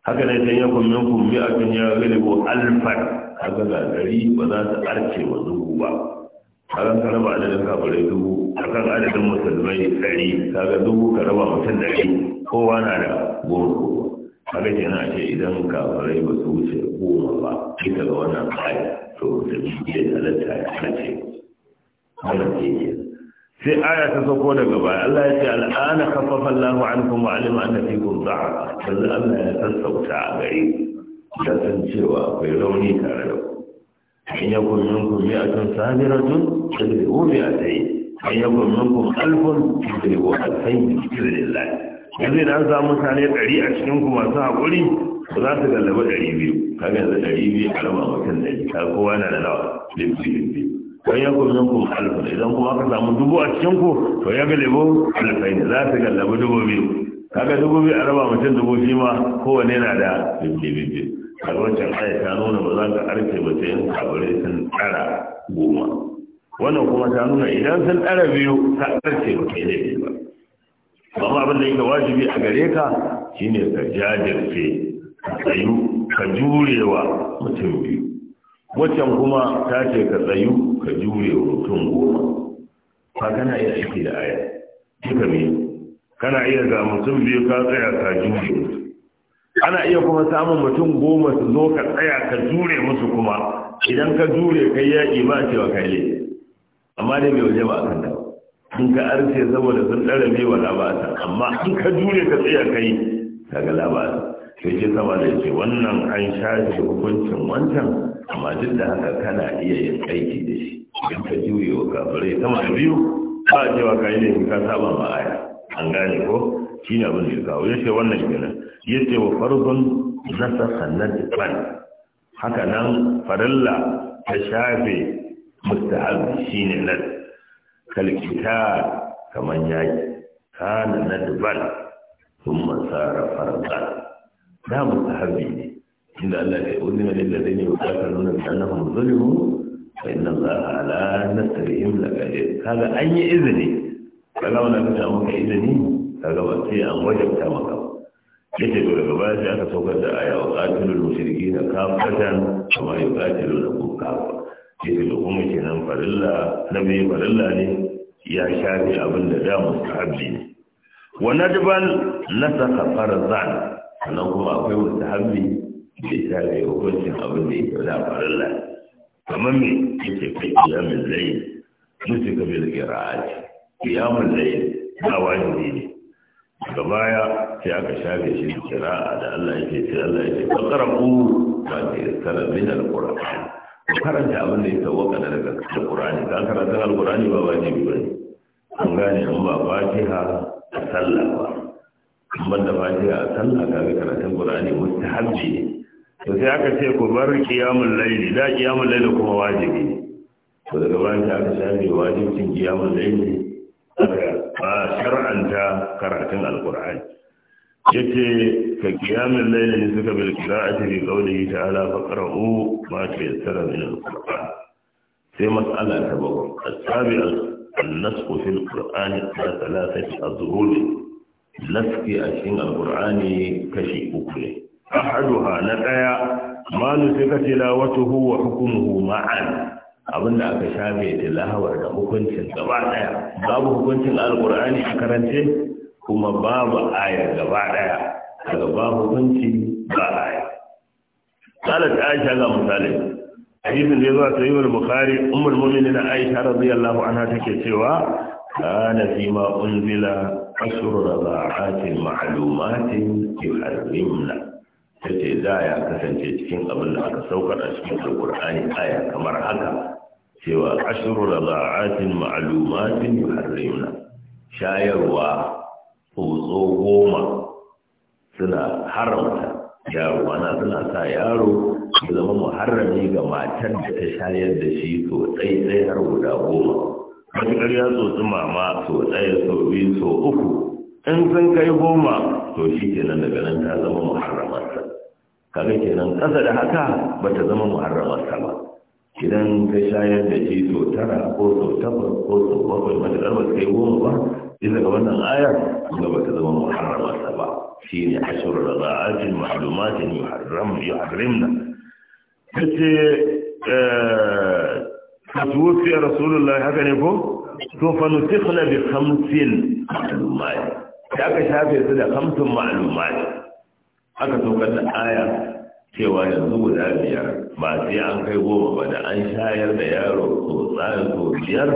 Speaker 1: haka ne sai yakun minkum mi'atun ya ko alfan haka ga ɗari ba za su arce wa zuhu ba kaga ka raba adadin kafirai dubu kan adadin musulmai ɗari kaga dubu ka raba mutum ɗari kowa na da goma kowa ke na ce idan kafirai ba su wuce goma ba ita ga wannan kaya to musulmi ke halatta ya hace ke ke sai aya ta sauko daga baya Allah ya ce al'ana khaffafa Allahu ankum wa alima anna fikum da'a yanzu Allah ya sassauta a gari da san cewa akwai rauni tare da ku إن يكن منكم مئة صابرة تدرئوا مئتين إن يكن منكم ألف تدرئوا ألفين بإذن الله yanzu idan za mutane ɗari a cikin ku masu haƙuri ba za su gallaba ɗari biyu kaga yanzu ɗari biyu a raba mutum ɗari ka kowa na da nawa limfi limfi wani ya kuma yanku alfa idan kuma aka samu dubu a cikin ku to ya gallabo alfai ne za su gallaba dubu biyu kaga dubu biyu a raba mutum dubu biyu ma kowane na da limfi limfi a wancan aya ta nuna ba za ka arke ba sai yin kabarai sun tsara goma wannan kuma ta nuna idan sun tsara biyu ta arce ba yi laifi ba Ba ma abin da yake wajibi a gare ka shine ka jajirce ka tsayu ka jurewa mutum biyu waccan kuma ta ce ka tsayu ka jurewa mutum goma ba kana iya aiki da aya duka biyu kana iya ga mutum biyu ka tsaya ka jure ana iya kuma samun mutum goma su zo ka tsaya ka jure musu kuma idan ka jure kai yaƙi ba cewa kai ne amma dai bai waje ba a kan in ka arce saboda sun ɗara mai wa labata amma in ka jure ka tsaya kai daga labata sai ke sama da ce wannan an shafe hukuncin wancan amma duk da haka kana iya yin aiki da shi Idan ka jure wa kafirai sama da biyu ba cewa kai ne ka saba ma aya an gane ko shi ne abin da ya kawo ya ce wannan kenan ya ce wa farzun nasa sannan ban haka nan farilla ta shafe mustahab shi ne nan kalkita kamar yi kana nadban sun masara farkan da mustahabi ne inda Allah ya wani na zai ne wata kan nuna da mu a fa inna Allah ala nasrihim laqadir kaga an yi izini kaga wannan ta samu izini kaga ba sai an wajabta maka yake dole gaba baya sai aka saukar da aya wa qatilul mushrikeena kafatan kama yuqatilunakum kafa yake da kuma kenan farilla nabi farilla ne ya shafi abin da da mustahabbi ne wa najban nasaka farzan sannan kuma akwai mustahabbi da ya shafi hukuncin abin da yake da farilla kamar me yake kai iyamin layi musu kabil qira'ati iyamin layi ba wajibi ne da baya sai aka shafe shi kira, da Allah yake sai Allah yake fakara ku ba ke tsara min alqur'ani karanta abin da ya waka daga alqur'ani ka karanta Qur'ani ba wajibi ne. an gane in ba fatiha a sallah ba Amman da fatiha a sallah ka ga karatun qur'ani mustahabbi ne to sai aka ce ku bar qiyamul layl da qiyamul layl kuma wajibi ne to daga bayan sai aka shafe wajibin qiyamul layl aka a shar'anta karatun alkur'ani yace ka kiyamin laili ne suka bil qira'ati bi qawlihi ta'ala faqra'u ma tayassara min alqur'an sai mas'ala ta bakwai asabi sabia an-nasxu fil qur'ani ala thalathati azhur nasxi a cikin alqur'ani kashi uku ne ahaduha na daya ma nusika tilawatuhu wa hukmuhu ma'an da aka shafe tilawar da hukuncin gaba daya babu hukuncin alkur'ani a karance kuma babu ayar gaba daya daga babu hukunci ba aya qalat aisha ga misali hadisin da ya zo sahih bukari bukhari ummul mu'minin aisha radiyallahu anha take cewa kana fi ma unzila ashru rabaatin ma'lumatin yuharrimna ta ce za ya kasance cikin abin da aka saukar a cikin alkur'ani aya kamar haka cewa ashiru raba'atin ma'alumatin yuharrimna shayarwa tsotso goma suna haramta yaro ana suna sa yaro ya zama muharrami ga matar da ta shayar da shi tsotsai sai har guda goma matuƙar ya tsotsi mama tsotsai so biyu so uku in sun kai goma to shi kenan daga nan ta zama muharramarsa kaga kenan ƙasa da haka ba ta zama muharramarsa ba idan ka shayar da shi so tara ko so takwas ko so bakwai matuƙar ba kai goma ba bisa ga wannan ayar ga ba ta zama muharrama ta ba shi ne ashur da za'atin ma'alumatin yuharrimna ta ce taswofi a rasulullah haka ne ko to fa tikhla bi khamsin ma'lumati ta aka shafe su da khamsin ma'lumati aka saukar da aya cewa yanzu guda biyar ba sai an kai goma ba da an shayar da yaro ko tsarin ko biyar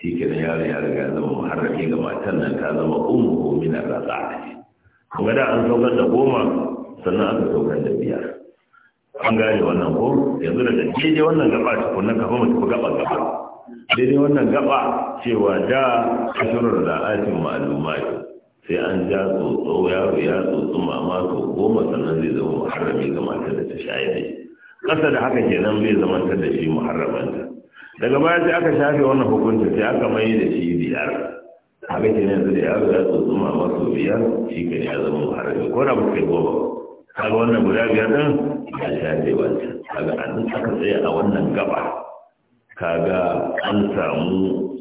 Speaker 1: shi da yaro ya riga zama muharrafi ga matan nan ta zama mina min tsari kuma da an saukar da goma sannan aka saukar da biyar an gane wannan ko yanzu daga daidai wannan gaba tukunan kafa mutu ku gaba gaba daidai wannan gaba cewa da ashirar da atin ma'alumai sai an ja tsotso yaro ya tsotso mama to goma sannan zai zama muharrami ga mata da ta sha da ƙasa da haka kenan bai zama ta da shi muharramanta daga baya sai aka shafe wannan hukuncin sai aka mai da shi biyar haka kenan yanzu da yaro ya tsotso mama sau biyar shi kan ya zama muharrami ko da ba goma kaga wannan guda biyar din ya shafe wancan kaga an aka tsaya a wannan gaba kaga an samu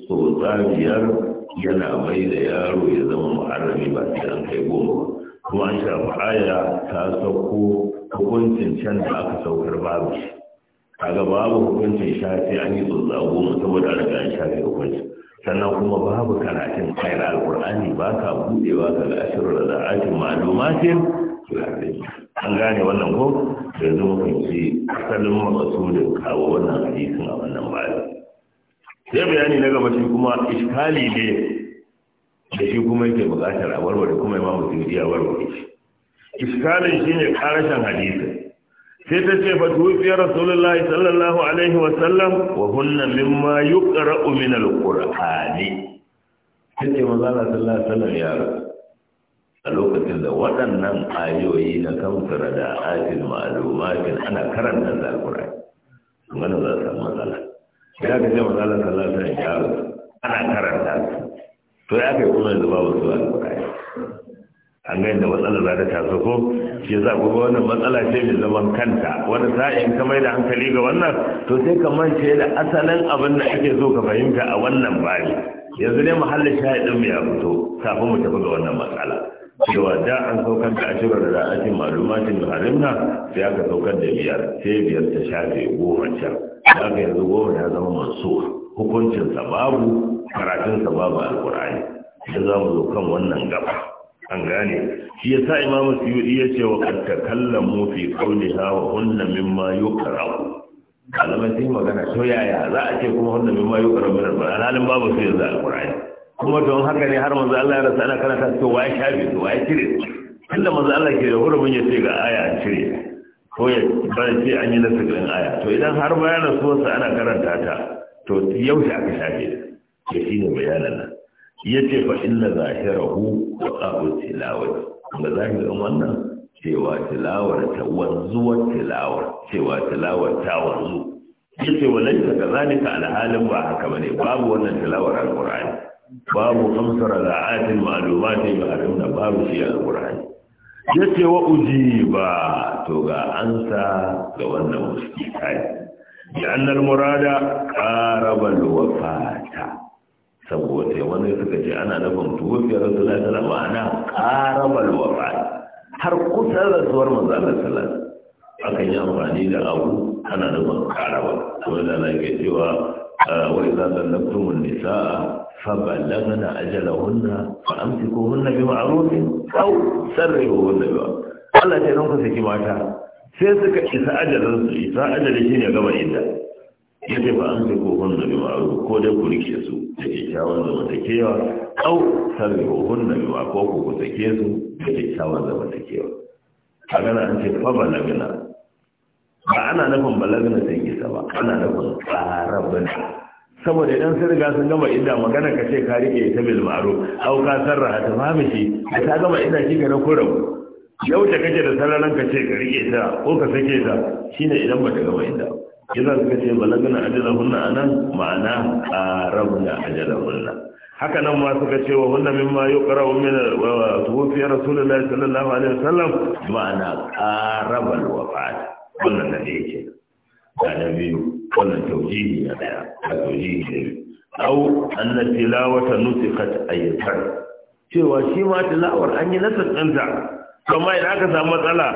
Speaker 1: tsotsa biyar yana mai da yaro ya zama muharrami ba sai an kai goma ba kuma an shafi aya ta sauko hukuncin can da aka saukar babu shi kaga babu hukuncin shafi an yi tsotsa goma saboda an riga an shafi hukuncin sannan kuma babu karatun kayan alkur'ani ba ka ba ka ga ashirar da akin ma'alumatin an gane wannan ko yanzu mafi ci asalin da kawo wannan hadisin a wannan bayan sai bayani na gaba shi kuma iskali ne da shi kuma yake bukatar a warware kuma imamu suyuti a warware shi iskalin shi ne karashin hadisi sai ta ce fatufiyar rasulullah sallallahu alaihi wasallam wa hunna mimma yuqra'u min alqur'ani sai manzo Allah sallallahu alaihi wasallam ya a lokacin da waɗannan ayoyi na kamfara da ajin ma'alumatin ana karanta da Kuma wannan za su matsala ya ka ce manzala sallallahu yi yaro ana karanta to ya kai kuma yanzu babu su yi an ga yadda matsala za ta taso ko shi za ku wannan matsala ce mai zaman kanta wani sa'in ka mai da hankali ga wannan to sai ka mance da asalin abin da ake so ka fahimta a wannan bari yanzu ne muhallin shahidin mu ya fito kafin mu tafi ga wannan matsala cewa da an saukar da ashirar da ake malumatin harimna sai aka saukar da biyar sai biyar ta shafe goma can da aka yanzu goma ya zama hukuncin hukuncinsa babu karatunsa babu alkur'ani da za mu zo kan wannan gaba an gane shi ya sa imam suyudi ya ce wa kanta kallon mu fi kauli hawa hunna mimma yuqra'u malamai sai magana to yaya za a ce kuma hunna mimma yuqra'u min alhalin babu sai yanzu alkur'ani kuma don haka ne har manzo Allah ya rasa ana karanta to waye shafe to waye cire inda manzo Allah ke da hurumin ya ce ga aya cire ko ya bari ce an yi na ga aya to idan har bayan rasuwarsa ana karanta ta to yau shi aka shafe ke shi ne bayanan nan ya ce fa inna zahirahu wa qabu tilawati kuma zahirin wannan cewa tilawar ta wanzuwar tilawar cewa tilawar ta wanzu ya ce wa laisa ka zalika alhalin ba haka bane babu wannan tilawar alqur'ani babu kamsar al'adin ma'lumatin ma'lum da babu shi a ya ce wa ba to ga ansa ga wannan kai ya annal murada qarabal wafata saboda wani suka ce ana nufin bantu rasulullahi sallallahu alaihi wasallam ana qarabal wafata har kusan rasuwar manzo Allah sallallahu akan yi amfani da abu ana nufin qarabal to da Allah ke cewa wani idza sallaktumun nisaa فبلغنا أجلهن فأمسكوهن بمعروف أو سرهوهن بمعروف Allah ce nan ku saki mata sai suka isa ajalin su isa ajalin shine gaba inda yace ba an sako hunna bi ma'ruf ko dai ku rike su da ba ana nufin balagna sai isa ba ana nufin tsara bane saboda idan sun riga sun gama inda magana ka ce ka rike ta bil ma'ruf aw ka sarraha ta fahimci ta gama inda shi ka na kuram yau da kake da sararan ka ce ka rike ta ko ka sake ta shine idan ba ta gama inda idan ka ce balagana ajalahunna anan ma'ana qarabna ajalahunna haka nan ma suka ce wa wannan ma yuqra min wa tuwfi rasulullahi sallallahu alaihi wasallam ma'ana qarabal wafat wannan da yake ga na biyu wannan taujihi na daya a taujihi ne au anna tilawata nusikat ayyatan cewa shi ma tilawar an yi nasar ɗinta kuma idan aka samu matsala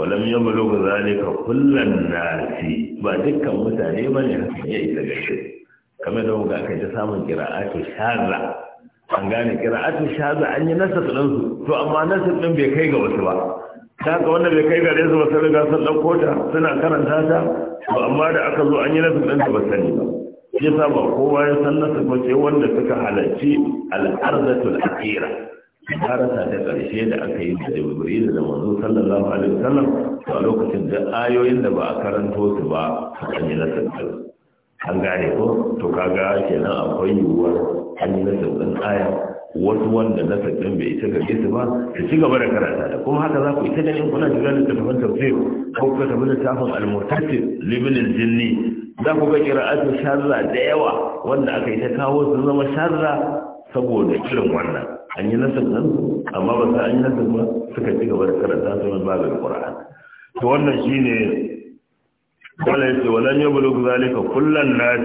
Speaker 1: walam ya bulo ga zalika kullun nasi ba dukkan mutane ba ne hakan ya isa gashi kamar da muka aka ta samun kira'atu shaza an gane kira'atu shaza an yi nasar ɗinsu to amma nasar ɗin bai kai ga wasu ba ta wanda bai kai gare su ba sai gasar sun dauko ta suna karanta ta to amma da aka zo an yi nasu ɗanta ba sani ba shi yasa ba kowa ya san nasu ba ce wanda suka halarci al'arzatul akira harata ta ƙarshe da aka yi da jibril da manzo sallallahu alaihi wasallam a lokacin da ayoyin da ba a karanto su ba an yi nasu an gane ko to kaga kenan akwai yiwuwar an yi nasu ɗin aya wasu wanda na sabbin bai ita gare su ba su ci gaba da karata da kuma haka za ku ita ganin kuna shiga littattafan tafsir ko ka tafi littafin al-murtasir libin jinni za ku ga kira'atu sharra da yawa wanda aka yi ta kawo su zama sharra saboda irin wannan an yi nasar nan amma ba sa an yi nasar ba suka ci gaba da karanta su ba ga qur'an to wannan shine wala yace wala ne bulu zalika kullan nas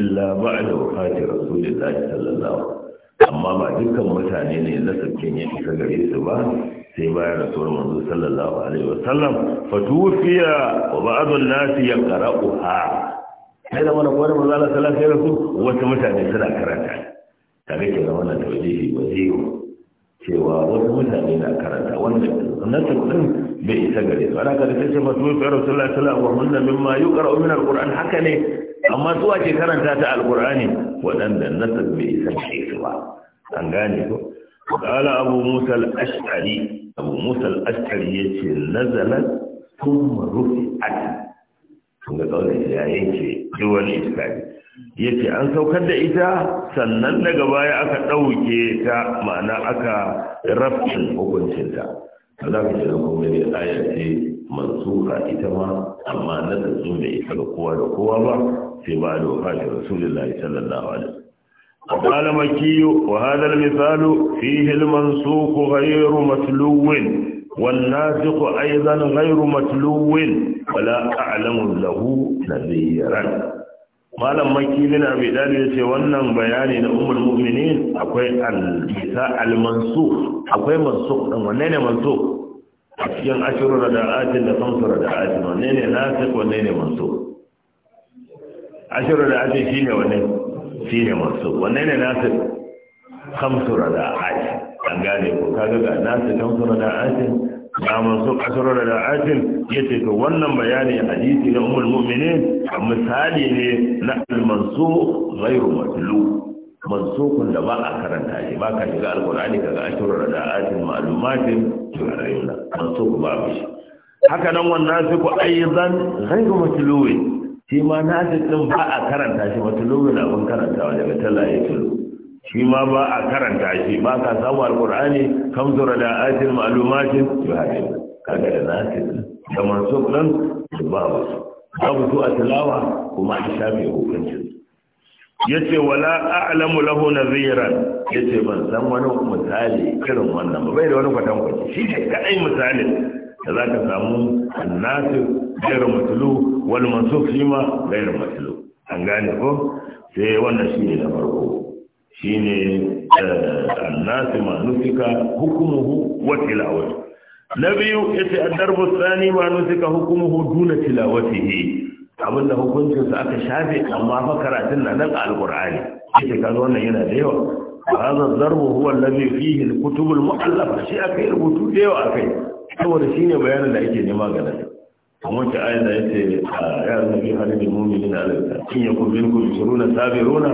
Speaker 1: illa ba'da wafati rasulillahi sallallahu alaihi wasallam amma ba dukkan mutane ne na nasarkin ya isa gare su ba sai bayan tsoron manzo sallallahu alaihi wa sallam. fatufiya wa ba'd an-nas yaqra'uha sai da wannan gwada manzo Allah sallallahu alaihi wasallam wasu mutane suna karanta Ta kaga ke da wannan tawjihi wazihu cewa wata mutane na karanta Wannan wanda nasarkin bai isa gare su ana karanta sai fatufiya rasulullahi sallallahu alaihi wasallam wa hunna mimma yuqra'u min al-qur'an haka ne amma zuwa ke karanta ta alkur'ani waɗanda nasar bai isa ce ba an gane ko kala abu musa al-ash'ari abu musa al-ash'ari yace nazalat thumma rufi'at kun ga kawai ya yanke duk wani Ya yace an saukar da ita sannan daga baya aka ɗauke ta ma'ana aka rafin hukuncinta za ka shiga kuma mai aya ce mansuka ita ma amma na da bai isa ga kowa da kowa ba في بعد وفاة رسول الله صلى الله عليه وسلم وقال مكي وهذا المثال فيه المنسوق غير متلو والناسق أيضا غير متلو ولا أعلم له نذيرا malam maki bin abi dalil yace wannan bayani na ummul mu'minin akwai al-isa al-mansukh akwai mansukh din wanne ne mansukh cikin ashiru rada'atin da samsu rada'atin wanne ne nasikh wanne ne ashiru da ake shi ne wani shi ne masu wannan ne Nasir hamsu rada ashi an gane ko kaga ga Nasir hamsu rada ashi ga masu ashiru rada ashi ya ce to wannan bayani hadisi na umar mu'mini a misali ne na almansu zairu matlu mansukun da ba a karanta shi ba ka shiga alkur'ani kaga ashiru rada ashi ma'lumatin turarayuna mansukun ba mishi. haka nan wannan su ku ayyuzan zairu matluwi shi ma nasir din ba a karanta shi wata lura abin wa daga talaye tulu shi ma ba a karanta shi ba ka samu alkur'ani kam zura da ajin ma'alumatin yi hajji kaga da nasir da masu nan ba wasu abu su a tilawa kuma a shafe hukuncin yace wala a'lamu lahu nadhiran yace ban san wani misali irin wannan ba bai da wani kwatan kwaci shi ne kadai misali da zaka samu annasir ghayr mutulu wal mansuk shi ma gairu matulu an gane ko sai wannan shi ne na farko shi ne eh, annasi manusika hukumuhu wa tilawatu na biyu ya ce addarbu tsani manusika hukumuhu duna tilawatihi abinda hukuncinsa aka shafe amma fa karatun na nan alkur'ani yake kaga wannan yana da yawa hadha darbu huwa alladhi fihi alkutub almu'allafa shi aka yi rubutu da yawa akai saboda shine bayanin da ake nema ga nan kuma ta ayyana ya ce a yaran nabi halin da mumini na alaƙa in ya kun minkum shiruna sabiruna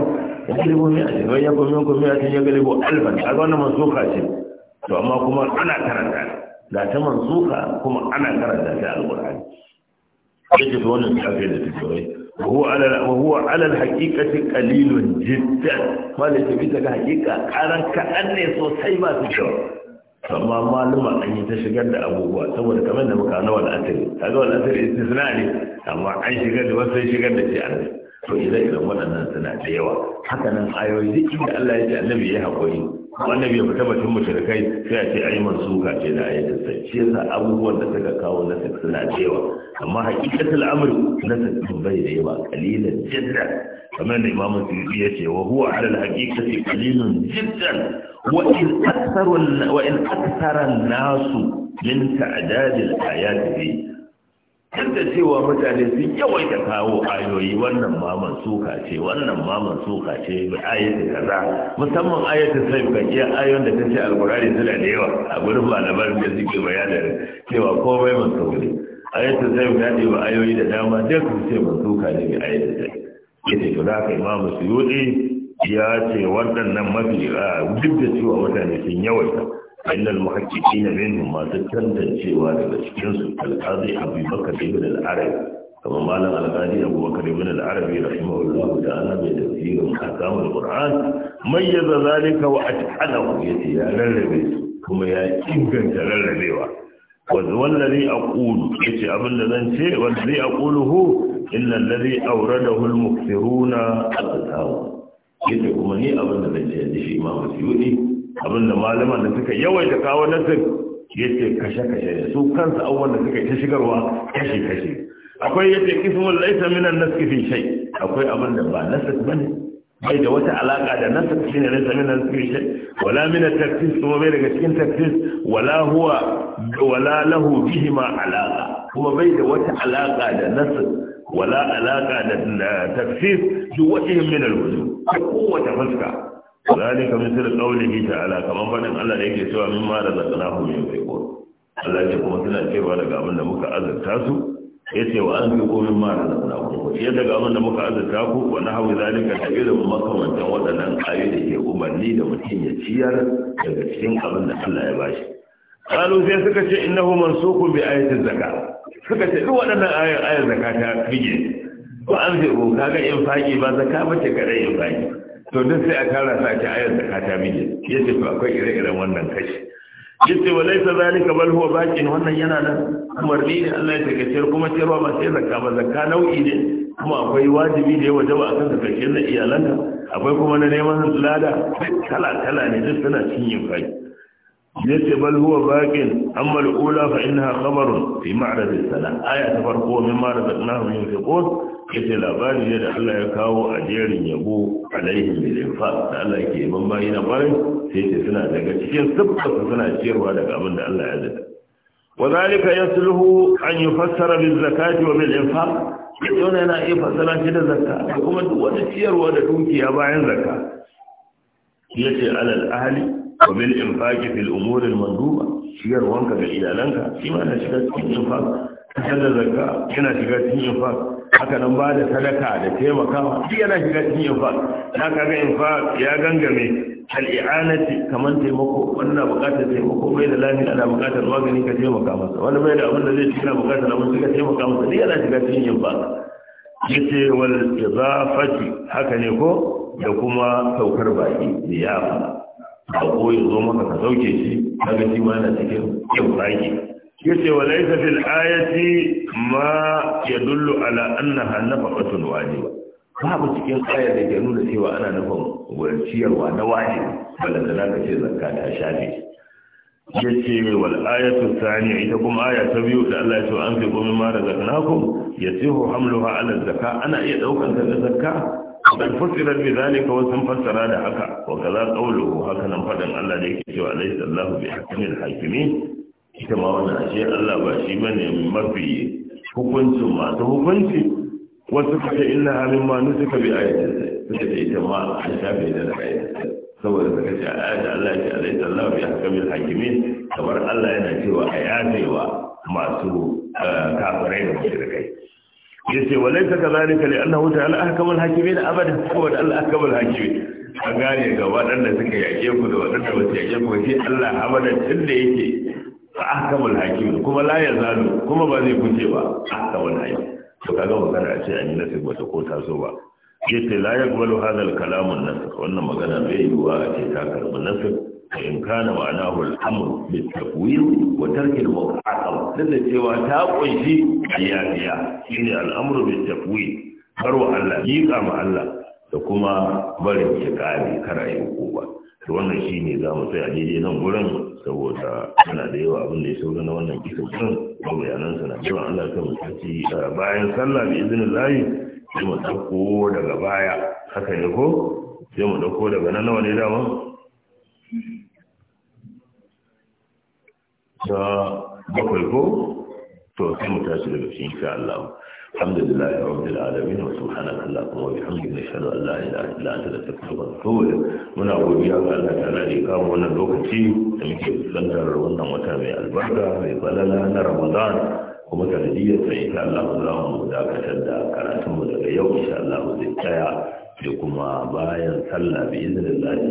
Speaker 1: ya galibo mai ajin wani ya kun minkum mai ajin ya galibo alfan a wannan mansuka ce to amma kuma ana karanta da ta mansuka kuma ana karanta ta alƙur'ani ya ce wannan shafi da tuturai وهو على وهو على الحقيقة قليل جدا ما ليس Karan حقيقة anne sosai ba su تشعر amma malama an yi ta shigar da abubuwa saboda kamar da muka na wani asiri kaga wani istisna ne amma an shigar da wasu shigar da shi annabi to idan irin waɗannan suna da yawa haka nan ayoyi duk inda Allah ya ce annabi ya haƙuri annabi ya fita batun mushrikai sai a ce yi mansuka ce da ayatul sai shi yasa abubuwan da suka kawo na suna da yawa amma haqiqatul amri na sun bai da yawa qalilan jiddan kamar da imamu Suyuti ya ce wa huwa ala al-haqiqati qalilun jiddan وإن أكثر وإن أكثر الناس من تعداد الآيات دي duk cewa mutane sun yawaita kawo ayoyi wannan ma mansuka ce wannan ma mansuka ce bi ayati kaza musamman ayati sai ka iya ayoyin da tace alqur'ani suna da yawa a gurin malaman da suke bayanin cewa komai mansuka ne ayati sai ka ce ba ayoyi da dama duk sai mansuka ne bi ayati sai yace to da kai ma musuyudi ya ce waɗannan mafi duk da cewa mutane sun yawaita innal muhaqqiqina minhum masu tantancewa daga cikin su alqazi abu bakar ibn al-arabi kamar malam alqazi abu bakar ibn al-arabi rahimahullah ta'ala bai tafsirin ahkam al-qur'an mayyaza zalika wa atqalahu yace ya ce ya rarrabe kuma ya inganta rarrabewa wanda zai wallazi ya ce abin da zan ce zai wallazi aquluhu illa allazi awradahu al-mukthiruna a qawm yadda kuma ni abin da zai ce yanzu shi imam suyuti abin da malaman da suka yawaita kawo nasir yace kashe kashe da su kansu abubuwan da suka ta shigarwa kashe kashe akwai yace kismun laisa minan naski fi shay akwai abin da ba nasir ba ne? bai da wata alaka da nasik shine laisa minan naski shai? wala min at kuma bai daga cikin taksis wala huwa wala lahu bihima alaqa kuma bai da wata alaka da nasir. wala alaka da tafsir duk wajen min alwuzu ta kowace fuska ذلك مثل قوله تعالى كما فدن الله da yake cewa min ma razaqnahu min fayqur Allah ya kuma suna cewa daga abin da muka azurta su yace wa an fi min ma razaqnahu ya daga abin da muka azurta ku irin makamantan waɗannan ayoyi da ke umarni da mutum ya ciyar daga cikin abin da Allah ya bashi qalu sai suka ce innahu mansukun bi ayati zakat suka ce duk waɗannan ayan ayan zaka ta fige ko an ce ko oh, kaga in faki ba zaka ba ce kada in faki to duk sai a kara sa ta ayan zaka ta fige yace to akwai ire-iren wannan kashi yace wa zalika bal huwa baqin wannan yana nan kuma ne Allah ya take kuma cewa ba sai zakka ba zakka nau'i ne kuma akwai wajibi da ya wajaba akan kan kashe na iyalanka akwai kuma na neman lada kala kala ne duk suna cin yin faki yace bal huwa baqin amma al-ula fa innaha khabarun fi ma'rad as-salam aya ta farko min ma'rad annahu yunfiqun yace labari ne da Allah ya kawo a jerin yabo alaihim bil infaq da Allah yake yaban bayi na barin sai yace suna daga cikin sabba suna ciyarwa daga abin da Allah ya zata وذلك يصلح أن يفسر بالزكاة وبالإنفاق يقولون أنا إيه فسران كده زكاة وكما دوانا تير وانا تنكي يا باين زكاة يتي alal الأهل wa bil infaqi fil umuri al manduba shiyar wanka ga iyalanka shi ma na shiga cikin infaq kasar da zakka yana shiga cikin infaq haka nan ba da sadaka da taimakawa shi yana shiga cikin infaq na kaga infaq ya gangame al i'anati kaman taimako wannan bukatar taimako bai da lafiya ana bukatar magani ka taimaka masa wani bai da abinda zai shiga yana bukatar abin ka taimaka masa duk yana shiga cikin infaq yace wal idafati haka ne ko da kuma saukar baki ziyafa ba ko ya zo maka ka sauke shi daga shi ma yana cikin yin rage yace wa laysa fil ayati ma yadullu ala annaha nafaqatun wajiba babu cikin ayar da ke nuna cewa ana nufin ciyarwa na waje wanda na ka ce zakka ta shafe yace wal ayatu thaniya ita kuma aya ta biyu da Allah ya ce an fi gomi ma razaqnakum yasihu hamluha ala zakka ana iya daukar ta zakka قد فسر بذلك وسن فسر هذا حكا وكذا قوله هكذا Allah الله ليك cewa ليس الله بحكم hakimi. ita ma wannan ashe Allah ba shi bane mafi hukuncin masu hukunci wasu kace inna halin ma nusika bi ayatin suka ce ita ma an shafe da ayatin saboda suka ce ayatin Allah ya ce Allah bi hakamil hakimi kamar Allah yana cewa yafewa masu eh, kafirai da kai. yace walaysa kadhalika li annahu ta'ala ahkamul hakimin kuma saboda Allah ahkamul hakimi a gane ga waɗanda suka yaƙe ku da waɗanda ba su yaƙe ku ba sai Allah abadan tunda yake ahkamul hakimi kuma la zanu kuma ba zai kuce ba ahkamul hakimin to kaga magana a ce an yi nasib wata ko zo ba yace la ya hadha hadal kalamun an wannan magana bai yiwa a ce ta karbi nasu in kana ma'ana hul amr bi tafwid wa tark al-mu'aqab da cewa ta kunshi ya shine al-amr bi tafwid karwa Allah miƙa ma Allah da kuma barin kare karayi kuwa to wannan shine za mu tsaya daidai nan gurin saboda ana da yawa abin da ya sauka na wannan kisan din ba bayanan sa na cewa Allah ta mutaci bayan sallah bi Allah sai mu ko daga baya haka ne ko sai mu dauko daga nan nawa ne dama ta bakwai ko to sai mu tashi daga cikin insha Allah alhamdulillah rabbil alamin wa subhanaka allahumma wa bihamdika nashhadu an la ilaha illa anta nastaghfiruka wa natubu muna godiya ga Allah ta'ala da ya wannan lokaci da muke fuskantar wannan wata mai albarka mai falala na Ramadan kuma sanadiyar sai insha Allah za mu dakatar da karatunmu daga yau insha Allah zai tsaya da kuma bayan sallah bi izinin